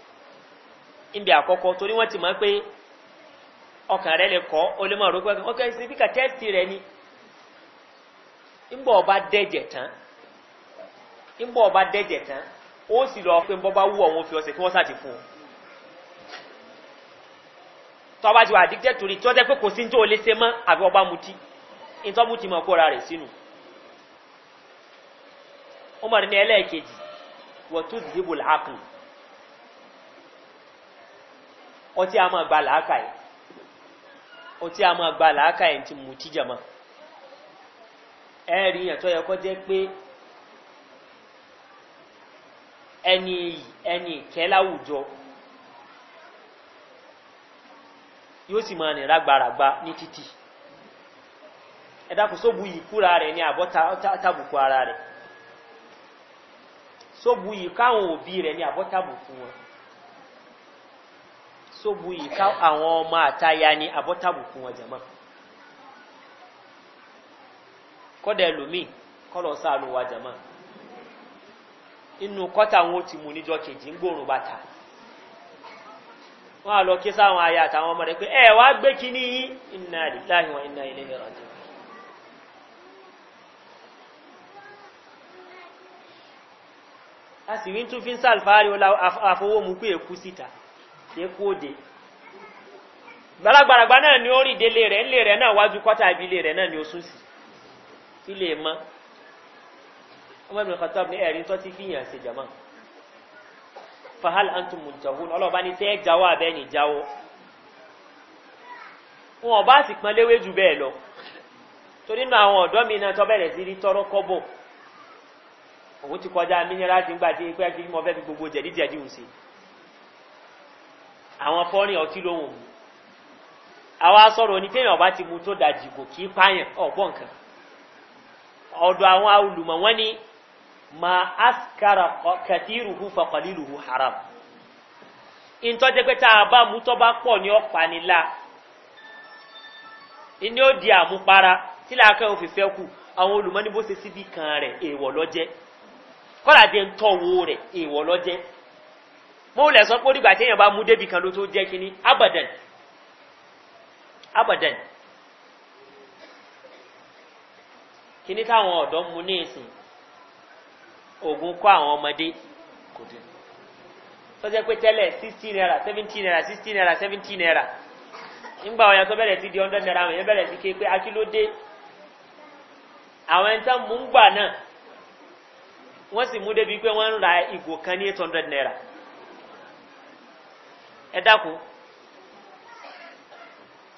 níbi àkọ́kọ́ torí wọ́n ti ma pé ọkàn rẹ̀ lè kọ́ ó lè máa rògbò ọkàn ìsìn bí kàtẹ́ẹ̀sì rẹ̀ ni ńbọ̀ ọba dẹ́jẹ̀ tán ọba dẹ́jẹ̀ tán ó sì lọ pé ńbọ́ bá wú ọ̀hún fi ọ̀sẹ̀ kí wọ́n sàti fún un ti o lè ṣe mọ́ ọba mutí ìtọ́ mutí mọ̀ kóra rẹ̀ sínú ní ẹlẹ́ẹ̀kejì wọ́n tún dìbò làákùn ọtí a máa gba làákà ẹ̀ ọtí a máa gba làákà ẹ̀ ti mú tíjàmá ẹ̀rí ẹ̀tọ́ yẹ kọ́ jẹ́ pé ẹni èyí ẹni ìkẹ́ láwùjọ yóò sì máa nìra gbàràgbà ní títì ẹ̀dàkùn sóbu rẹ̀ ní àbọ̀ tábùkù ara rẹ̀ sóbu ìkáwọn òbí rẹ̀ ní àbọ̀ tábùkù wọn. sóbu ìka àwọn ọmọ àtayá ní abọ́tàbùkù wọn jẹ̀mọ́ kọ́dà ẹlòmíì kọ́lọ̀ sáà ló wà jẹ̀mọ́ inú kọ́tà wọn ó ti mú níjọ kejì ń gbòòrùn bàtà wọ́n á lọ kí sáwọn aya àtàwọn ọmọ rẹ̀ pé ẹ wá gbé kí ní iná àdìláhìn wọn iná ilé mẹ́rọ jẹ́ a sì rí tún fi ń sàlfàárí àfọwọ́mù pé èkú síta ṣe kú òde gbalagbàlagbà náà ni ó rí ìdílé rẹ̀ ńlé rẹ̀ náà wájú kọ́tà ibi ilé rẹ̀ náà ni ó sún sí kí lè mọ́ ọmọ ìbìnrin ti fìyàn ṣe fahal antum muntahun ni tẹ́ jáwọ́ abẹ́ ni jáwọ́ wọn ọba sì pọn léwé jù lọ torí nu àwọn ọ̀dọ́ mi náà tó sí rí òun ti kọjá gbogbo sí àwọn fọ́nrin ọtí lóhùn mu àwa sọ̀rọ̀ ní téèyàn bá ti mu tó dajì kò kí pààyàn ọ̀gbọ́n nǹkan ọ̀dọ̀ àwọn olùmọ̀ wọ́n ní ma askara kàtíruhu fàkọ̀lìluhu haram ìtọ́jẹ́ pé tá a bá mu tó bá pọ̀ ní ọ̀pá nílá ni ó di àmupara tí làákẹ́ òfin fẹ́ kù àwọn olùmọ̀ ní bó ṣe síbi kan rẹ̀ èèwọ̀ lọ́jẹ́ kọ́lá ń tọ́wọ́ rẹ̀ èèwọ̀ lọ́jẹ́ le sọ pori nígbà téèyàn bá mú débì kan ló to je kini abadan abadan kínní táwọn ọ̀dọ́ mú ní ìsìn ogun kọ́ àwọn ọmọdé kò dé tó naira seventeen naira sixteen naira seventeen naira ńgbà ya to bẹ̀rẹ̀ ti di 100 naira àwọn èèyàn ti ke ké pé akílódé àwọn ẹni tán mú ń gbà náà wọ́n sì ra kan naira. ẹ dákun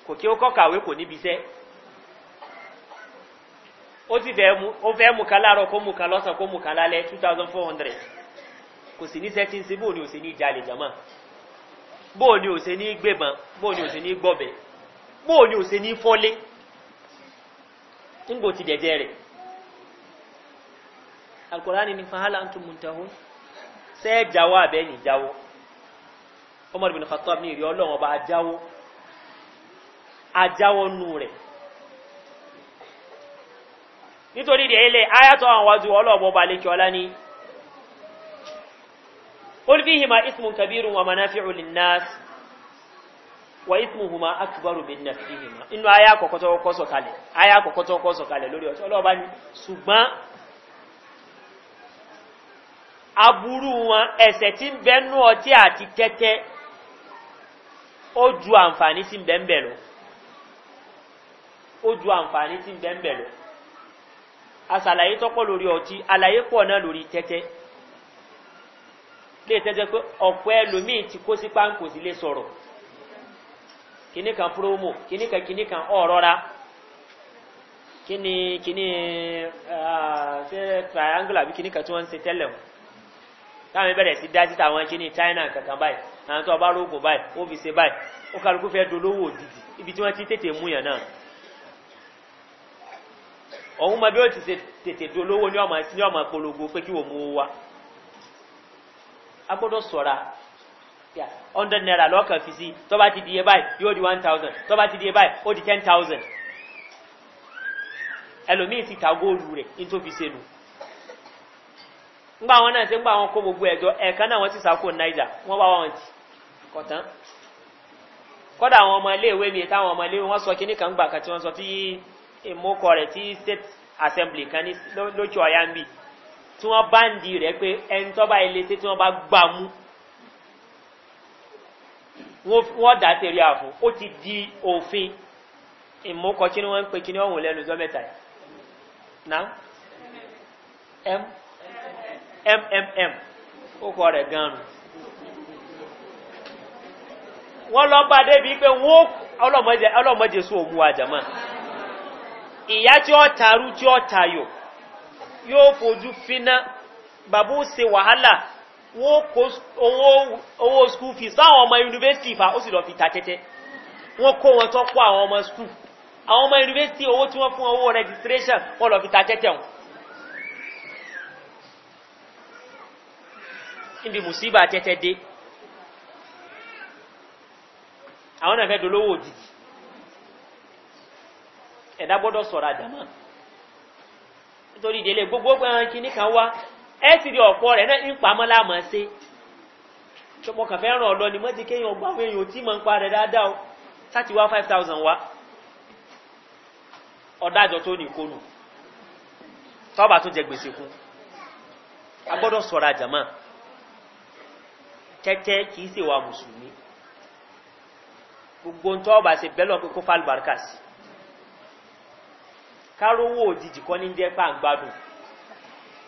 kò kí ó kàwé kò níbi iṣẹ́ ó ti fẹ́ mu ó kó mu kó lálẹ́ kò si ní sẹ́tí sí bóò ni ò sí ní jalè jàmọ́ bóò ni ò sí ní gbébọn bóò ni ò sí ní gbọ́bẹ̀ bóò ni ò sí ní fọ́lé ọmọ ìbìnú kàtọ́ ní ìrí ọlọ́run ọba ajáwó ajáwó nù rẹ̀ nítorí ìdí ilẹ̀ ayatọ̀ àwọn wájú ọlọ́ọ̀bọ̀ ọba lẹ́kẹ̀ ọlá ní olùfihìmá ismu kabiru wa manafi'u linnas wa ismu huma akbaru bin nafihima inú aya kọ̀kọ́tọ́ kọ́sọ̀ o ju anfani si bembe lo o ju anfani si bembe lo asalaye tɔpɔ lori ɔti alaye pɔ na lori tɛtɛ lè tɛtɛ pé ɔpɔ ɛlòmíì ti kó sí pankosi lè sɔrɔ kini kan promo kini kan kini kan ɔrɔra kini kini ɛɛ ɛɛ triangle abi kini kan tí wọn ń se tɛlɛ o táwọn ebɛrɛ si dá títà ni kini china kankan báyìí. àwọn tó ọba rógùn báyìí ó fi ṣe báyìí ó kálukú fẹ́ dolówó òjijì ibi tí wọ́n ti tètè mú yàn náà ọ̀hún mọ bí ó ti ṣe tètè dolówó ní ọmọ ní ọmọ polongo pé kí wò mú wa a gbọ́dọ̀ sọ̀ra hundred naira lọ́kàn fi sí tọ́ba ti di iye yóò di one thousand tọ́ba ti di iye ó di ten thousand ẹlòmíì ti ta góòlù rẹ̀ ní tó fi ṣe nù ńgbà wọn náà ṣe ńgbà wọn kó gbogbo ẹ̀jọ ẹ̀ka náà wọ́n ti sáko niger wọ́n wá wọn tì kọ̀tán kọ́dà àwọn ọmọ iléèwé mi táwọn ọmọ iléèwé wọ́n sọ kíní kan gbà kan tí wọ́n sọ tí ìmúkọ rẹ̀ tí state assembly kan ní lójú ọ̀yá ń bì tí wọ́n bá ń di rẹ̀ pé ẹni tó bá ilé tí wọ́n bá gbà mú wọ́n dà tẹ̀lé àfún ó ti di òfin ìmúkọ kí ni wọ́n ń pè kí ni ọ̀hún lẹ́nu zọ́mẹ́ta yìí mmm ó kọ rẹ̀ gan-an wọ́n lọ bá débi pé wọ́n ọlọ́mọdé sún òmu àjàmá ìyá tí ó tààrú tí ó tààyò yóò fojú fínà bàbá se wàhálà wọ́n kó owó skul fi sáwọn ọmọ yunifásitì ìfà ó sì lọ fi ta tẹ́tẹ́ wọ́n kó wọn tó kó àwọn ọmọ skul àwọn ọmọ yunifásitì owó tí wọ́n fún owó registration wọ́n lọ fi ta wọn níbi mùsíbà tẹ́tẹ́ dé àwọn náà fẹ́ dolówó òjijì ẹ̀dá gbọ́dọ̀ sọ̀rọ̀ àjàmọ́ nítorí ìdílé gbogbo ẹran kìíní kan wá ẹ ti di ọ̀pọ̀ rẹ̀ náà ń pamọ́ láàmọ́ sí ṣọpọ̀ kàfẹ́ ràn ọ̀lọ́ ni mọ́tí kéèyàn ọgbà àwọn èèyàn tí máa ń pa dáadáa sáti wá five thousand wá ọ̀dájọ́ tó ní ìkónù tọ́ba tó jẹ gbèsè fún agbọ́dọ̀ sọ̀rọ̀ àjàmọ́ tẹ́tẹ́ kìí sì wà mùsùlùmí gbogbo ń tọ́ ọba ṣe bẹ́lọ̀ pé kó fàlùbáríkà sí kárówó òjijì kọ́ ní jẹ́ pà ń gbádùn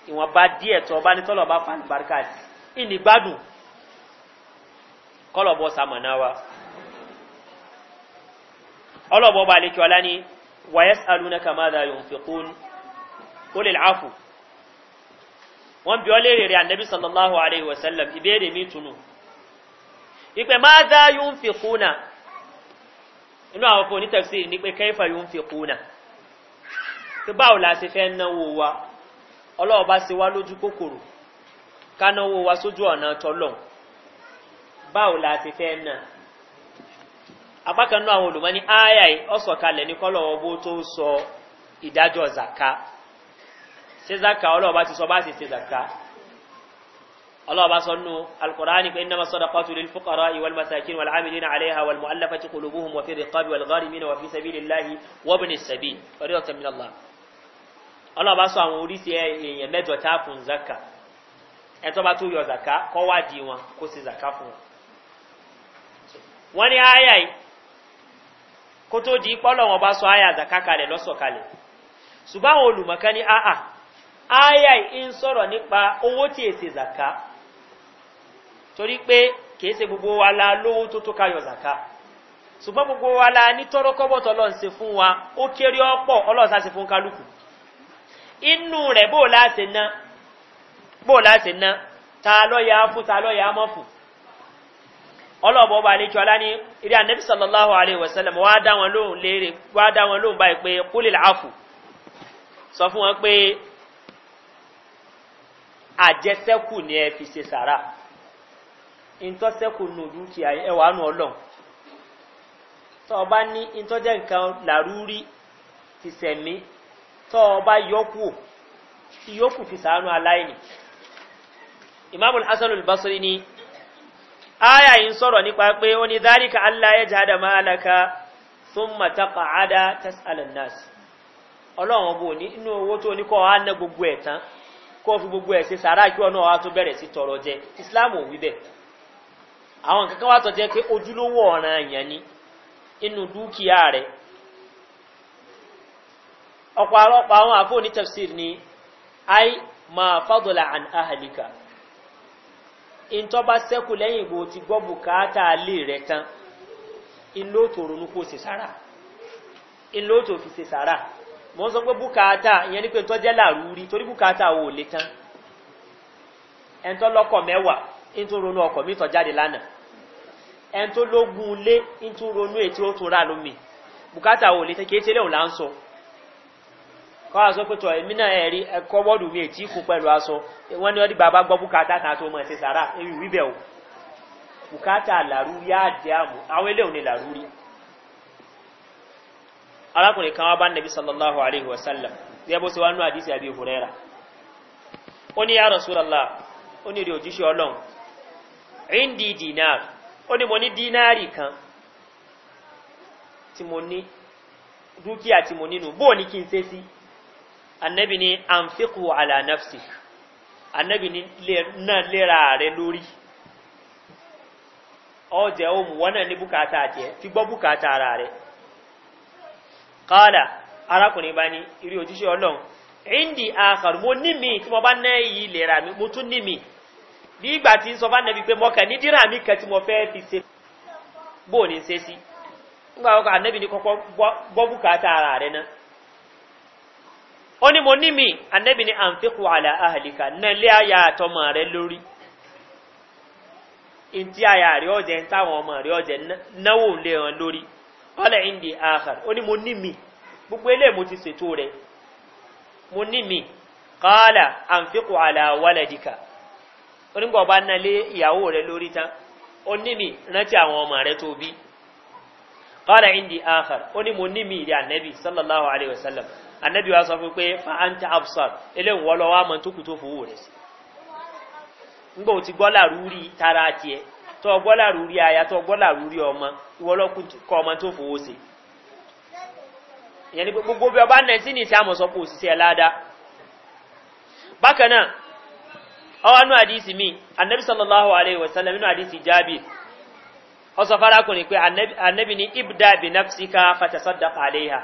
ìwọ̀n bá díẹ̀ tọ́ ọba ní tọ́lọ̀ bá fàlùbáríkà sí ìní gbádùn kọ́lọ̀bọ sàmọ̀nà wa ọlọ́bọ̀ ọba àlekí ọlá ní wàyẹ́sàlùnà kàmáda yòǹfẹ̀kún ó lè láàfù wọ́n bí ọlẹ́rẹ̀ rẹ̀ ànẹ́bí sallallahu alaihi wasallam ìbéèrè mi tunu ìpè ma za yi ń fi inu inú àwọn fún onítẹ̀sí ní pé kẹfà yóò ń fi kúnà tí báwo la ṣe fẹ́ náwó wa ọlọ́ọ̀bá ṣe wá lójú kòkòrò ká náwó wa sójú ọ̀nà tọ́lọ̀ báwo la ṣe fẹ́ náà apákanú àwọn olùmọ́ ní ááyà ọ̀sọ̀kalẹ̀ ní kọ́lọ̀ ọgbó zaka. ṣe zaka ọlọ́ọ̀bá ti sọ bá ṣe ṣe zaka ọlọ́ọ̀bá sọ nù alkùnrin pé iná masọ́dọ̀ kọ́tù lè fúkọ̀rọ̀ ìwọl masakin wal amiri na alaiha wal mu'allafa ti kulubuhun wa fi riqabi wal gari mina wa sabi lillahi wa bi sabi ọdí ọ̀tọ̀ min allah ọlọ́ọ̀bá sọ àwọn oríṣi èèyàn mẹ́jọ táàkùn zaka ẹ tó tó yọ zaka kọ́ wá di wọn kó ṣe zaka fún wọn. wọ́n ní àyà yìí kó di pọ́lọ̀ wọn bá sọ àyà zaka kalẹ̀ lọ́sọ̀ kalẹ̀ ṣùgbọ́n àwọn olùmọ̀kan ní àà aya in sọ̀rọ̀ nípa owó tí èsè zaka torí pé kìí se gbogbo wa la lówó tó tó kayọ̀ zaka ṣùgbọ́n gbogbo wa la ní tọ́rọ kọ́bọ̀tọ̀ se fún wa ó kéré se fún kaluku inú rẹ̀ bó láti ná ta lọ́ya fún ta lọ́ya mọ́ fún ọlọ́ọ̀bọ̀ ọba àlékí ọlá ní ilé ànẹ́bí sallallahu alayhi wa sallam wá dá báyìí pé kúlè sọ fún wọn pé àjẹsẹ́kù ni ẹ fi ṣe sàrà ìtọ́sẹ́kù nù dúkìá ẹwà nù ọlọ́n tọ́ ọba ní ìtọ́jẹ́ nǹkan làrúrí ti sẹ̀mí tọ́ ọba yọ́kù yọ́kù fi sàánú aláìní ìmáàmù hasan olùbásọ́rí ni aya yìí ń sọ̀rọ̀ nípa pé ó ní dáríkà aláyẹ̀jẹ̀ adama alaka fún mataka ada tas alanas ọlọ́run ọbọ̀ ní inú owó tó ní kọ́ ọ́ á ná gbogbo ẹ̀ tán kó fi gbogbo ẹ̀ ṣe sàárà kí ọ̀nà wa tó bẹ̀rẹ̀ sí tọrọ jẹ islam ò wí bẹ́ẹ̀ àwọn nǹkan kan wá tọ́ jẹ́ pé ojúlówó ọ̀ràn ni inú dúkìá rẹ̀ ọ̀pọ̀ àrọ́pọ̀ àwọn àfọ́ ni ai ma fadula an ahalika in tó bá sẹ́kù lẹ́yìn ìgbò ti gbọ́ bùkátà lè rẹ̀ tán in ló tó kó mọ́ sọ pé bukata ìyẹn ní pé tó jẹ́ làrúurí torí bùkátà ò lè tán ẹn tó lọ́kọ̀ mẹ́wàá ń tún ronú ọkọ̀ mi jáde lánàá ẹn tó lógun lé ń tún ronú ètí ó tún rà lómi bùkátà ò lè tán kì í ṣe léwu là ń sọ kọ́ àṣọ pé tọ̀ èmi náà ẹ̀rí ẹ̀kọ́ wọ́ọ̀dù mi ètí kú pẹ̀lú aṣọ wọ́n ní ọdí bàbá gbọ́ kan tó o bùkátà àwọn ni arákùnrin kan wá bá nàbí sallallahu alaihi wasallam gẹ́gẹ́ bó ṣe wá nú àdísì àbí hùrẹ́ra ó ní yàrá súrọ̀lá ó ní rí òjíṣẹ́ ọlọ́run ríndì dinar ó ní mo ní dínárì kan tí mo ní dúkìá tí mo nínú bóò ní kí n ṣe sí annabi ni anfiqu ala annabi ni náà lera rẹ lórí ọjẹ́ òmùwọ́n náà ní bùkátà jẹ́ fi gbọ́ bùkátà ara rẹ̀ kọ́lá arákùnrin bá ní irú òjíṣẹ́ ọlọ́run indi akọ̀rọ̀ mo ní mi tí mo bá ná èyí mi mo tún ní mi bí ìgbà tí ń sọ bá nẹbi pé mọ́kà ní dírà mo fẹ́ fi ṣe bó ní ṣe sí nígbà wọ́n kọ́ ànẹ́bí ní bùkátà ara rẹ̀ náà ó ní mo ní mi ànẹ́bí ní àǹfíkù àlà àhàlìkà náà lé àyà àtọmọ rẹ lórí ntí àyà ntáwọn ọmọ náwó lé wọn lórí. kọ́lẹ̀ indi ahar onye ní mo ní mi gbogbo ilé mo ti ṣètò rẹ̀ mo ní mi kọ́lá àǹfíkù àlàwálẹ̀dìkà ó ní náà lé ìyàwó rẹ̀ lórí tán ní mi rántí àwọn ọmọ rẹ̀ tó bí indi ahar onye ní mo ní mi sallallahu alayhi wa sallam wa sọ fa'anta absar tara tiẹ̀ tọ́ ọgbọ́là rúrí aya tọ́ ọgbọ́là rúrí ọmọ ìwọ ọlọ́kùn kọ́ ọmọ tó fowó sí ìyẹn ni gbogbo bí ọba náà sí ní ìsàmù sọ òṣìṣẹ́ ládàá bákan náà ọwọ́ nú àdìsí mi anabi sallallahu alayhi wa sallam nú àdìsí jábìr ọsọ farakùnrin pé anabi ní ibda binafsika fatasada aleha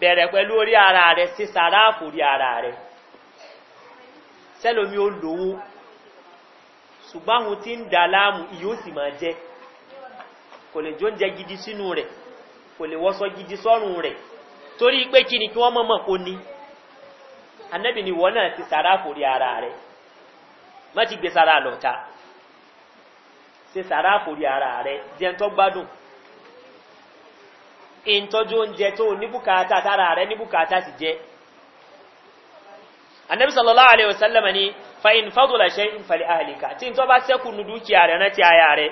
bẹ̀rẹ̀ pẹ̀lú orí ara rẹ̀ sí sàráàfù orí ara rẹ̀ sẹ́lómi ó lówó ṣùgbọ́n àwọn tí ń dà láàmù yóò sì máa jẹ kò lè jóúnjẹ gidi sínú rẹ̀ kò lè wọ́sọ gidi sọ́rùn rẹ̀ torí pé kí ni kí wọ́n mọ̀mọ̀ kó ní anábì ni wọ́n náà ti sàrà àforí ara rẹ̀ má ti gbé sàrà lọ́ta ṣe sàrà àforí ara rẹ̀ jẹ́ ń gbádùn ìtọ́jú oúnjẹ tó níbùkátà tára rẹ̀ níbùkátà sì jẹ́ anábì sọlọ́lá àlẹ́ òsàlẹ̀ ni fàyín fàdùlà ṣe ń fàlẹ̀ àhàlìkà tí n tọ́ba sẹ́kù nu dúkìá rẹ̀ náà ti àyà rẹ̀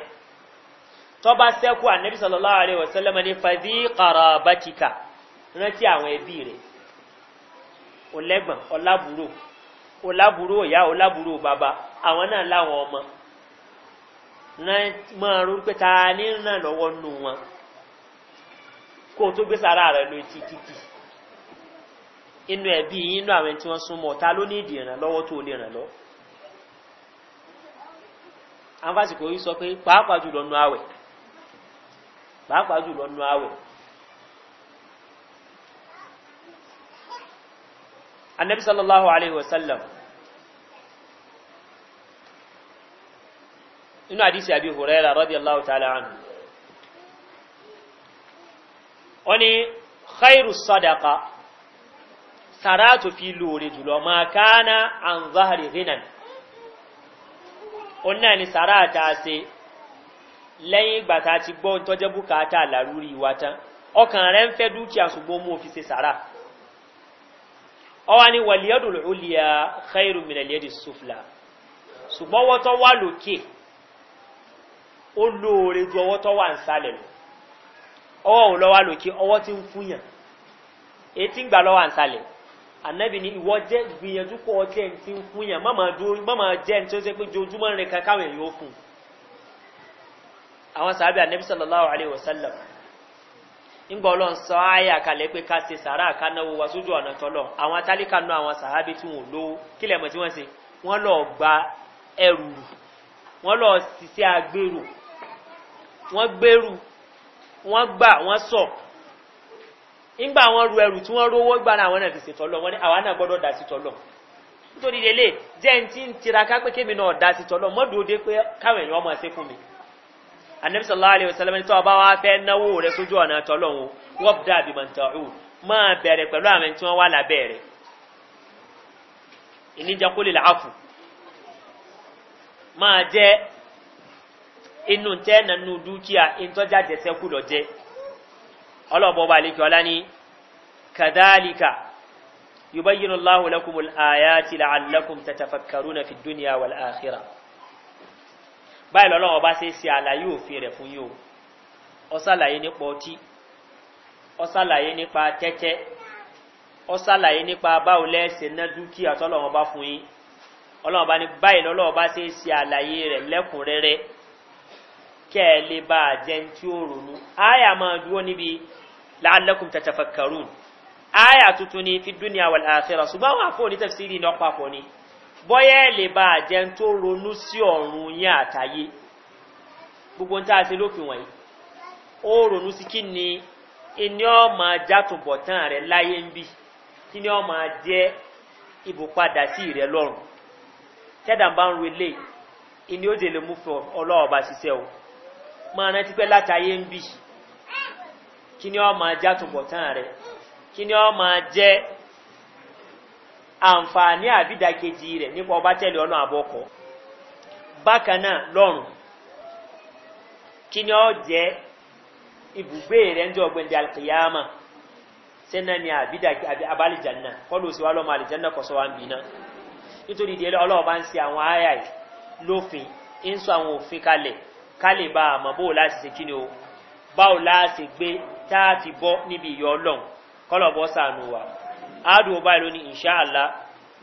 tọ́ba sẹ́kù ànábi sallallahu alayhi wa sallam ni fàdí karabatika rántí àwọn ẹbí rẹ̀ ọlẹ́gbọ̀n ọlábùrò ọlábùrò ìyá ọlábùrò bàbá àwọn náà láwọn ọmọ máa rú pé ta ní ràn lọ́wọ́ nù wọn kó o tó gbé sára rẹ̀ lọ títí títí inú ẹbí yín inú àwọn tí wọ́n súnmọ́ ta ló ní ìdí ìrànlọ́wọ́ tó lè ràn lọ. àwọn fásitì kò yí sọ pé pàápàá jùlọ nu àwẹ̀ pàápàá jùlọ nu àwẹ̀. anabi sallallahu alayhi wa sallam inú àdísì àbí hùrẹ́rà radiyallahu ta'ala anhu wọ́n ni khairu sadaqa karatu fi lóore jùlọ ma kánà an zahari zinan o náà ni sàrá ta se lẹ́yìn ìgbà ta ti gbọ́ tó jẹ́ bukata lárúrí wa tán ọkàn rẹ̀ ń fẹ́ dúkìá ṣùgbọ́n mú fi se sàrá ọwá ni wàlíọ́dùn olùyà khairu minaliyadi sufla ṣùgbọ́n wọ́n tó wà lókè ó lóore ju ọwọ́ wà ń sálẹ̀ lọ ọwọ́ ànábì ní ìwọ jẹ́ gbìyànjú kọ́ ọjẹ́ ẹni tí ń fún yàn má máa jẹ́ ẹni tí ó jẹ́ pé jojúmọ́ rẹ̀ kan káwọn èèyàn fún àwọn sàábì ànábì sallallahu alayhi wa sallam ńgbà ọlọ́run sọ ayé àkàlẹ̀ pé ká ṣe sàrà àkánáwó wa sójú ọ̀nà tọ́lọ̀ àwọn atálíkà náà àwọn sàábì tí wọn ò lówó kílẹ̀ mọ̀ tí wọ́n ṣe wọ́n lọ gba ẹrù wọ́n lọ ṣiṣẹ́ agbèrò wọ́n gbèrú wọ́n gbà wọ́n sọ̀ ńgbà wọn ru ẹrù tí wọn rówó gbára àwọn náà fi ṣètò ọlọ wọn ni àwa náà gbọdọ dá sítọ lọ nítorí lélẹ jẹ n ti ń tiraka pé kémi náà dá sítọ lọ mọdù òde pé káwọn èèyàn ọmọ ṣe fún mi anabi sallallahu alayhi wa sallam ní tí wọn bá wá fẹ náwó rẹ sójú ọ̀nà tọlọ wọn wọ́n dà bí mọ̀ntàrú máa bẹ̀rẹ̀ pẹ̀lú àwọn tí wọ́n wà lábẹ́ rẹ̀ ìníjà kó lè làáfù máa jẹ́ inú tẹ́ nanú ọlọ́ọ̀bọ̀ bá lè kí ọlá ní kàdálíkà yóò yínú láhùlákùnmùl àyàtì la'allakùn ta tafakkaru na fi duniya wal akhira báyìí lọ́lọ́wọ́ bá sai sí àlàyé òfin rẹ̀ fún yóò ọsàlàyé nípa ọtí ọsàlàyé nípa tẹ́tẹ́ ọsàlàyé nípa báwo lẹ́ẹ̀sẹ̀ ná dúkìá tọ́lọ́wọ́ bá fún tí ó ronú áyà máa dúró níbi la'allakum tatafakkarun aya tuntun ni fi dunya wal akhirah ṣùgbọ́n àwọn àfọ̀ ní tafsiri ní ọ̀pàpọ̀ ni bọ́yẹ́ lè bá jẹ́ tó ronú sí ọ̀run yẹn àtàyé gbogbo ń tá a ṣe lófin wọ̀nyí ó ronú sí kí ni iní ọmọ játùbọ̀ tán rẹ̀ láyé ń bì kí ni ọmọ jẹ́ ibùpadà sí rẹ̀ lọ́rùn tẹ́dà bá ń relé iní ó jẹ́ lè mú fún ọlọ́ọ̀bá ṣiṣẹ́ o máa rántí pé látàyé ń bì kí ni ọ máa já tubọ̀tán rẹ̀ kí ni ọ máa jẹ́ àǹfààní àbídàkejì rẹ̀ nípa ọba tẹ̀lé ọ̀nà àbọ̀kọ̀ bákan náà lọ́rùn kí ni ọ jẹ́ ibùgbé rẹ̀ ń jẹ́ ọ̀gbìn alkiyama sẹ́nà ni àbídàkejì abálìjànà kọ́lù sí wa lọ́mọ àlìjànà kọ́sọ́ wa ń bì náà nítorí ìdílé ọlọ́ọ̀bá ń se àwọn ááyà yìí lófin ń sọ àwọn òfin kalẹ̀ kálẹ̀ bá àmọ́ bó o kí ni o báwo láti gbé tá a ti bọ́ níbi ìyọ́ ọlọ́run kọ́lọ̀ bọ́ sànù wa áàdùn ọba ìlú ní ìṣáàlá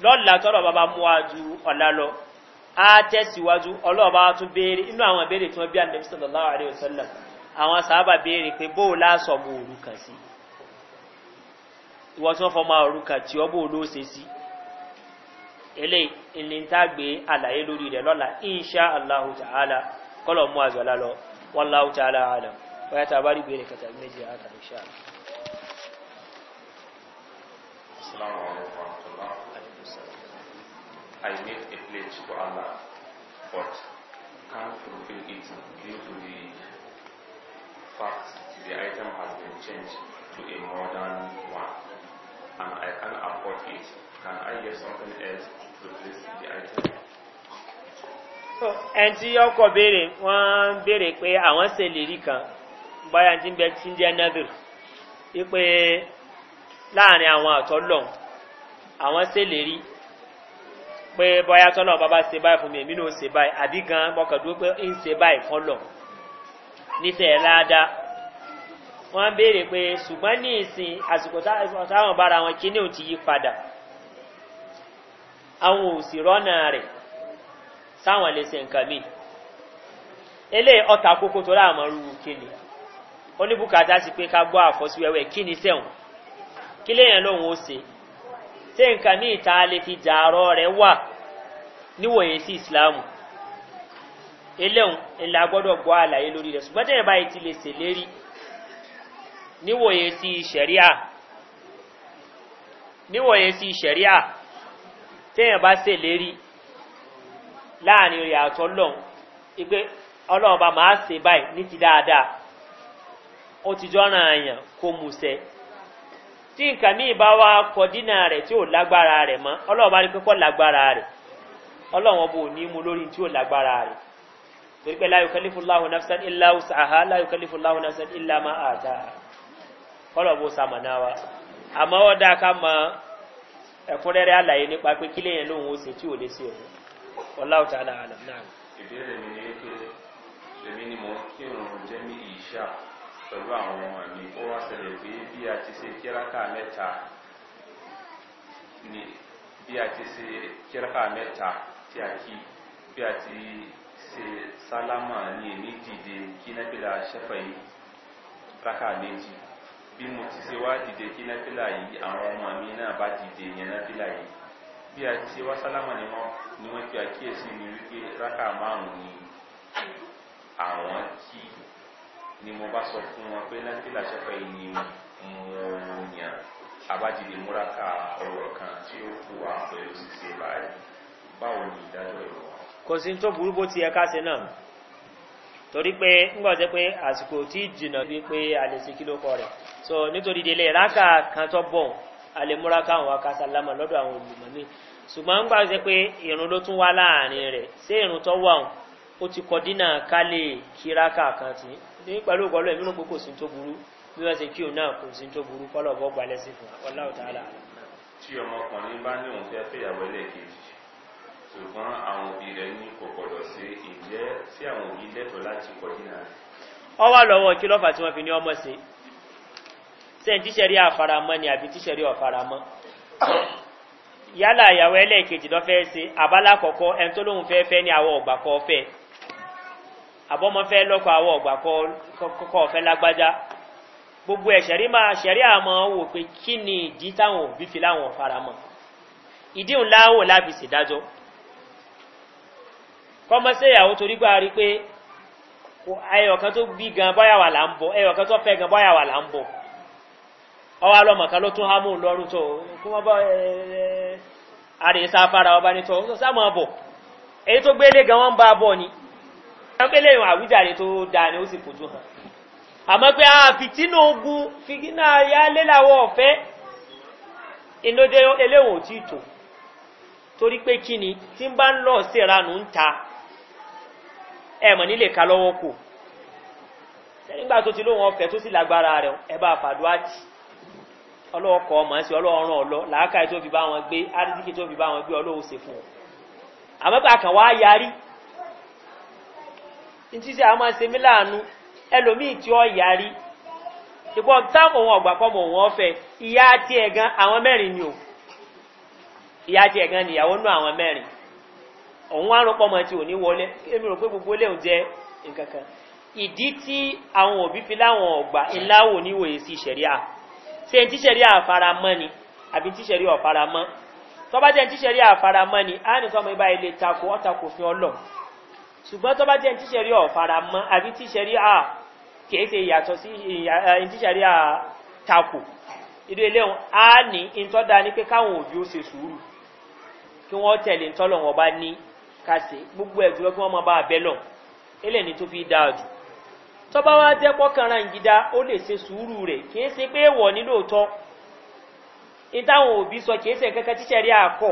lọ́la tọ́lọ̀ bàbá mú wa ju ọ̀la lọ á tẹ̀síwájú ọlọ́ọ̀bá tún béèrè inú àwọn ìbéèrè tí wọ́n bí àdébí sọ̀tọ̀lá àrẹ òsọ́lá àwọn sábà béèrè pé bóò lásọ̀ mú òrùka sí ìwọ́n tí wọ́n fọ́ máa òrùka tí ọ bóò bóyá tá a bá rí ìbéèrè kan tàbí méjì àátà ìṣá I made a pledge to Allah, but can't fulfill it due to the fact the item has been changed to a modern one, and I can't afford it. Can I get something else to replace the item? ẹn tí ọkọ̀ béèrè wọ́n béèrè pé àwọn ṣe lè rí kan báyà tí ń bẹ tí ń jẹ́ nadir wípé láàrin àwọn àtọ́lọ̀ àwọn sèlérí pé bọ́yá tọ́lọ̀ bàbá se báyìí fún mi èmi náà se báyìí àbí gan mọ́kàndúró pé ń se báyìí fọ́lọ̀ níṣẹ́ láàdá wọ́n béèrè pé ṣùgbọ́n ní ìsìn àsìkò táwọn bára wọn kí ti yí padà àwọn òsì rọ́nà rẹ̀ sáwọn se nǹkan mi eléyìí ọta kókó tó oníbùkátà sí pé ká gbọ́ àfọ́síwẹ́wẹ́ kí ni sẹ́wọ̀n kí lèèyàn lòun ó ṣe ṣé nǹkan ní ìta lè fi dàárọ̀ rẹ̀ wà níwòye sí ìsìláàmù eléhùn ńlá gbọ́dọ̀ gbọ́ àlàyé lórí rẹ̀ ṣùgbọ́n tẹ̀yìn báyìí ti lè ṣèlérí níwòye sí ìṣẹ̀ríà níwòye sí ìṣẹ̀ríà tẹ̀yìn bá ṣèlérí láàrin rẹ̀ àtọ́lọ́hún ìpè ọlọ́ọ̀ba máa ṣe báyìí ní ti dáadáa. ó ti jọ́ràn àyàn kó musẹ tí nǹkan míì bá wá kọ dínà tí ò lágbára rẹ mọ́ ọlọ́run bá rí pé kọ́ lágbára rẹ̀ ọlọ́run ọba ò ní mu lórí tí ò lágbára rẹ torí pé láyò kẹlífù láhùn nafsan ilá ọ̀sáhá láyò kẹlífù láhùn nafsan ilá máa àtà ọlọ́run bó sàmànáwá ká mọ àlàyé nípa pé yẹn lòun ó tí ò lè ọláwù ìbéèrè mi pẹ̀lú àwọn ọmọ ó wá ṣẹlẹ̀ pé bí a ti ṣe kíráka mẹ́ta ni bí a ti ṣe kíráka mẹ́ta tí a kí bí a ti ṣe sálámà ní èmi dìde kí nẹ́bílà ṣẹ́fẹ̀ yìí ráka méjì bí mo ti ṣe wá dìde kí nẹ́bílà yìí àwọn ọmọ mi náà bá dìde yẹn nẹ́bílà yìí bí a ti ṣe wá sálámà ni wọ́n fi àkíyèsí mi wípé ráka márùn-ún ni àwọn kí ni mo bá sọ fún wọn pé nàìjíríà ṣẹfẹ ni mo yàn abájídé múraka ọ̀rọ̀ kan tí ó kú wa pẹ̀lú ṣíṣe báyìí báwo ni ìdájọ́ ìwọ. kò sí tó burú bó ti ẹ̀ka ṣe náà torí pé ńgbà jẹ́ pé àsìkò tí jìnnà bíi pé a lè ṣe kí ló kọ rẹ̀ so nítorí délé ráka kan tó bọ̀ a lè múraka àwọn akasálámà lọ́dọ̀ àwọn olùmọ̀ mi ṣùgbọ́n ńgbà jẹ́ pé irun ló tún wá láàrin rẹ̀ ṣé irun tó wà ó ti kọ dínà ká lè kan tì í ní pẹ̀lú ọ̀pọ̀lọ́ ìbínú pé kò sí tó burú bí wọ́n ṣe kí òun náà kò sí tó burú kọ́lọ̀ bọ́ gbalẹ̀ sí fún ọlá ọ̀tá àlà. tí ọmọkùnrin bá ní òun fẹ́ fẹ́yàwó ẹlẹ́ẹ̀kejì ṣùgbọ́n àwọn òbí rẹ̀ ní kò gbọ́dọ̀ sí ìjẹ́ sí àwọn òbí lẹ́tọ̀ọ́ láti kọjínà rẹ̀. ọ wá lọ́wọ́ kí lọ́fà tí wọ́n fi ní ọmọ sí sẹ́yìn tíṣẹ̀rí àfaramọ́ ni àbí tíṣẹ̀rí ọ̀faramọ́ yálà ìyàwó ẹlẹ́ẹ̀kejì lọ́fẹ́ ṣe àbálá àkọ́kọ́ ẹni tó lóun fẹ́ fẹ́ ní àwọn ọ̀gbà kan fẹ́ẹ́ àbọ́mọ fẹ́ lọ́kọ̀ àwọ̀ ọ̀gbà kọ́kọ́ ọ̀fẹ́ lágbájá gbogbo ẹ̀ṣẹ̀rí ma ṣẹ̀rí àmọ́ wò pé kí ni ìdí táwọn òbí fi láwọn faramọ́ ìdí ńlá wò torí gbà rí pé ẹyọ̀kan tó fẹ́ gan bọ́ ọba sámọ̀ bọ̀ èyí tó gbélé gan wọ́n ń bá bọ̀ ni ẹgbẹ́lẹ̀ ìwọ̀n àwíjàre tó dáa ni ó sì fojú hàn àmọ́ pé àfìtínà ah, ogun fìgínà ayálé làwọn ọ̀fẹ́ inúdé eléwọ̀n tí tò torí pé kí ni tí ń bá ń lọ sí ìranù ń ta ẹ̀mọ̀ nílé ka lọ́wọ́ kò nígbà tó ti lóhun ọ̀fẹ́ tó sì lágbára rẹ̀ ẹ bá fàdúrà tì ọlọ́ọ̀kọ̀ ọmọ ẹ̀sìn ọlọ́ọ̀rán ọlọ́ tó fi bá wọn ntí sẹ́ àwọn máa ṣe mí láàánú ẹlòmíì tí ó yarí ìpọ̀ táwọn òun ọ̀gbà pọ̀ mọ̀ òun ọ̀fẹ́ ìyá tí ẹ̀ àwọn mẹ́rin ni ò ìyá tí ẹ̀ gan nìyàwó nú àwọn mẹ́rin òun wá rọpọ̀ mọ̀ tí ò ní wọlé èmi rò pé gbogbo léhùn jẹ́ nǹkan kan ìdí tí àwọn òbí fi láwọn ọ̀gbà ńláwò níwòye sí ìṣẹ̀ríà ṣe ń tíṣẹ̀rí àfaramọ́ ni àbí tíṣẹ̀rí ọ̀faramọ́ tọ́bá ń tíṣẹ̀rí àfaramọ́ ni á nìkan mọ̀ ibà ilé takò ọ́takò fi ọlọ́ọ̀ ṣùgbọ́n tó bá jẹ́ tíṣẹ̀rí ọ̀fara mọ́ àbí tíṣẹ̀rí à kèése ìyàtọ̀ sí tíṣẹ̀rí à takò ìdó eléhùn á ní ìtọ́dá ní pé káwọn òbí ó se sùúrù kí wọ́n tẹ̀lé ìtọ́lọ̀ wọn bá ní kàṣe gbogbo ẹ̀ jùlọ kí wọ́n mọ bá abẹ́ lọ ilẹ̀ ní tó fi dáa jù tó bá wá jẹ́ pọ́kànrán ìgídá ó lè se sùúrù rẹ̀ kìí pé wọ̀ nílòótọ́ ìtàwọn òbí sọ kìí se nǹkan kan tíṣẹ̀rí àkọ́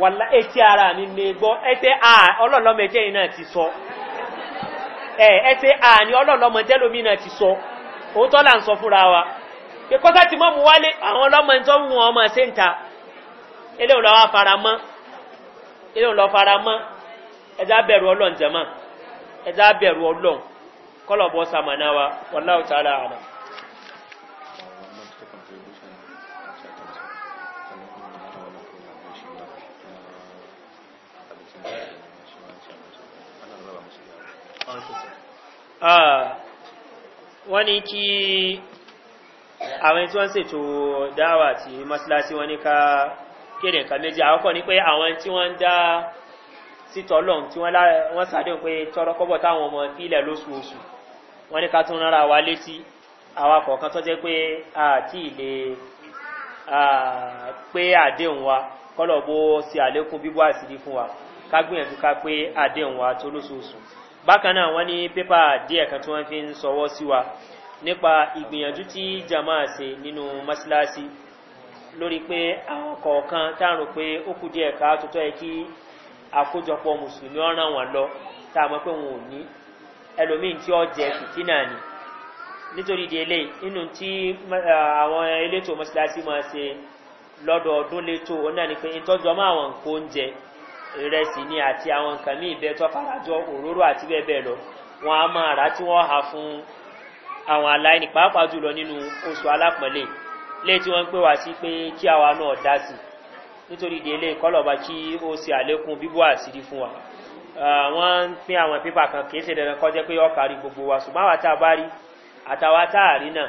wàlá ẹtí ara mi lè gbọ́ ẹtẹ́ à ọlọ́lọ́mọ ẹjẹ́ iná ti sọ ẹ ẹtẹ́ à ní ọlọ́lọ́mọ ẹjẹ́ lómi náà ti sọ òótọ́ là ń sọ fúnra wa pé kọ́sá ti mọ́ mu wálé àwọn ọlọ́mọ ẹjọ́ ń wọn ọmọ ṣe ń ta eléwòn lọ́wọ́ fara mọ́ eléwòn lọ́ fara mọ́ ẹjá bẹ̀rù ọlọ́run jẹ́mọ́ ẹjá bẹ̀rù ọlọ́run kọ́lọ̀ sàmànà wa wàlá ọ̀tá ara rẹ̀. Ah, wọ́n ní kí àwọn tí wọ́n ṣètò dáwà tí masláṣí wọ́n ní ká kéde nǹkan méjì àkọ́kọ́ ní pé àwọn tí wọ́n ń dá sítọ̀ lọ́n tí wọ́n sàdé pé tọrọ kọ́bọ̀ táwọn ọmọ fílẹ̀ lóṣùoṣù wọ́n ní ká tún rárá wa létí àwọn akọ̀ọ̀kan tó jẹ́ pé àti ilé pé bákan náà wọ́n ní pépà díẹ̀ kan tí wọ́n fi ń sọwọ́ sí nípa ìgbìyànjú tí jamaa ṣe nínú mọ́síláṣí lórí pé àwọn kọ̀ọ̀kan táàrùn pé ó kú díẹ̀ ká tuntun ẹ kí àkójọpọ̀ mùsùlùmí ọ̀ràn wọn lọ tá a mọ̀ pé wọn ò ní ẹlòmíín tí ó jẹ fìtínà ni nítorí ìdí eléyìí nínú tí àwọn elétò mọ́síláṣí máa ṣe lọ́dọọdún létò ó náà ni pé ìtọ́jú ọmọ àwọn nǹkó oúnjẹ ìrẹsì ni àti àwọn nǹkan míì bẹ́ẹ̀ tó farajọ òróró àti bẹ́ẹ̀ bẹ́ẹ̀ lọ wọn a máa rà tí wọ́n ha fún àwọn aláìní pàápàá jùlọ nínú oṣù alápọ̀nlé léyìí tí wọ́n ń pè wá sí pé kí àwa náà dá sí nítorí délé kọ́lọ̀ba kí ó ṣe àlékún bíbọ́ àṣírí fún wa wọ́n ń pín àwọn pépà kan kìí ṣe dandan kọjá pé ọkà rí gbogbo wa ṣùgbọ́n àwa tá a bá rí àtàwa tá a rí náà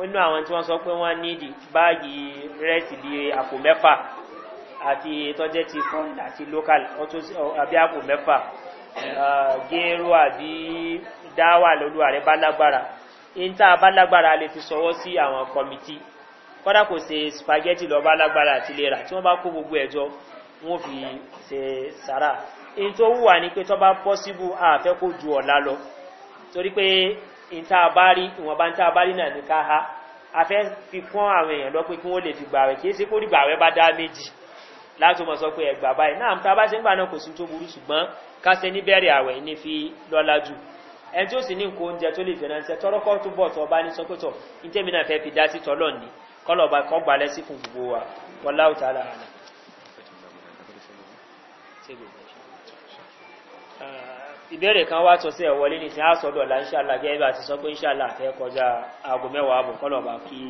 nínú àwọn tí wọ́n sọ pé wọ́n ní báàgì rẹ́ẹ̀tì bíi àpò mẹ́fà àti tọ́jẹ́ ti fún àti local àbí àpò mẹ́fà gẹ́rọ àbí dáwà lólu ààrẹ bá lágbára níta bá lágbára lè fi sọwọ́ sí àwọn kọmitì kọ́dà kò ṣe spaghetti lọ bá lágbára àti lera tí wọ́n bá kó gbogbo ẹ̀jọ́ wọ́n fi ṣe sára èyí tó wùwà ní pé tó bá pọ́síbù àfẹ́ kó ju ọ̀la lọ torí pé níta bá rí ìwọ̀nba níta bá náà ní ká afẹ́ fi kún àwọn èèyàn lọ pé kí wọ́n lè fi gbàwẹ̀ kí é ṣe kó rí gbàwẹ̀ bá dá méjì láti mọ̀ sọ pé ẹgbà báyìí náà tá a bá ṣe ń gbà náà kò sí tó burú ṣùgbọ́n ká ní bẹ́ẹ̀rẹ̀ àwẹ̀ ní fi lọ́lá jù ẹni tí ó sì ní nǹkan oúnjẹ tó lè fi ránṣẹ́ tọ́rọ́kọ́ tó bọ̀ tó bá ní sọ pé tọ̀ ní tèmi náà fẹ́ fi dá sí tọ́lọ̀ ni kọ́lọ̀ ọba kọ́ gbà lẹ́sí fún gbogbo wa wọn láwùjọ ara rẹ̀. ìbéèrè kan wá tọ́ sí ẹ̀ ní ti á sọ́dọ̀ la ṣáàlà gẹ́gẹ́ bá ti sọ pé ṣáàlà fẹ́ kọjá aago mẹ́wàá ààbò kọ́lọ̀ ọba kí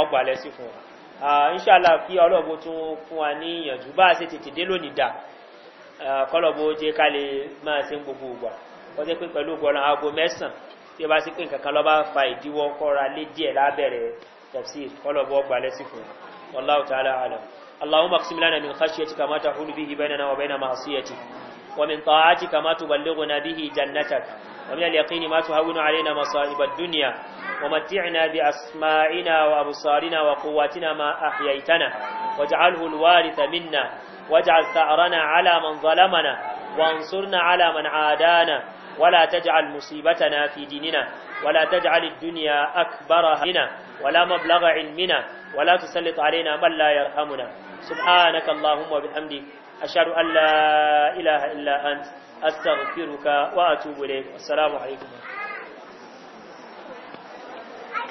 ọgbà lẹ́sí fún wa inṣàlá kí ọlọ́gbó tún fún wa ní ìyànjú bá ṣe tètè dé lónìí dà kọlọ̀gbó jẹ́ ká lè máa ṣe ń gbogbo ògbà wọ́n jẹ́ pé pẹ̀lú ọgbọ̀nà aago mẹ́sàn tí ó bá sí pé nkankan lọ́ bá fa ìdíwọ́ kọ́ra lé díẹ̀ lábẹ̀rẹ̀ tẹ̀sí ọgbà lẹ́sìn fún ومتعنا بأسمائنا وأبصارنا وقواتنا ما أحييتنا واجعله الوارث منا واجعل ثأرنا على من ظلمنا وانصرنا على من عادانا ولا تجعل مصيبتنا في ديننا ولا تجعل الدنيا أكبر هنا ولا مبلغ علمنا ولا تسلط علينا من لا يرحمنا سبحانك اللهم وبحمدك أشهد أن لا إله إلا أنت أستغفرك وأتوب إليك السلام عليكم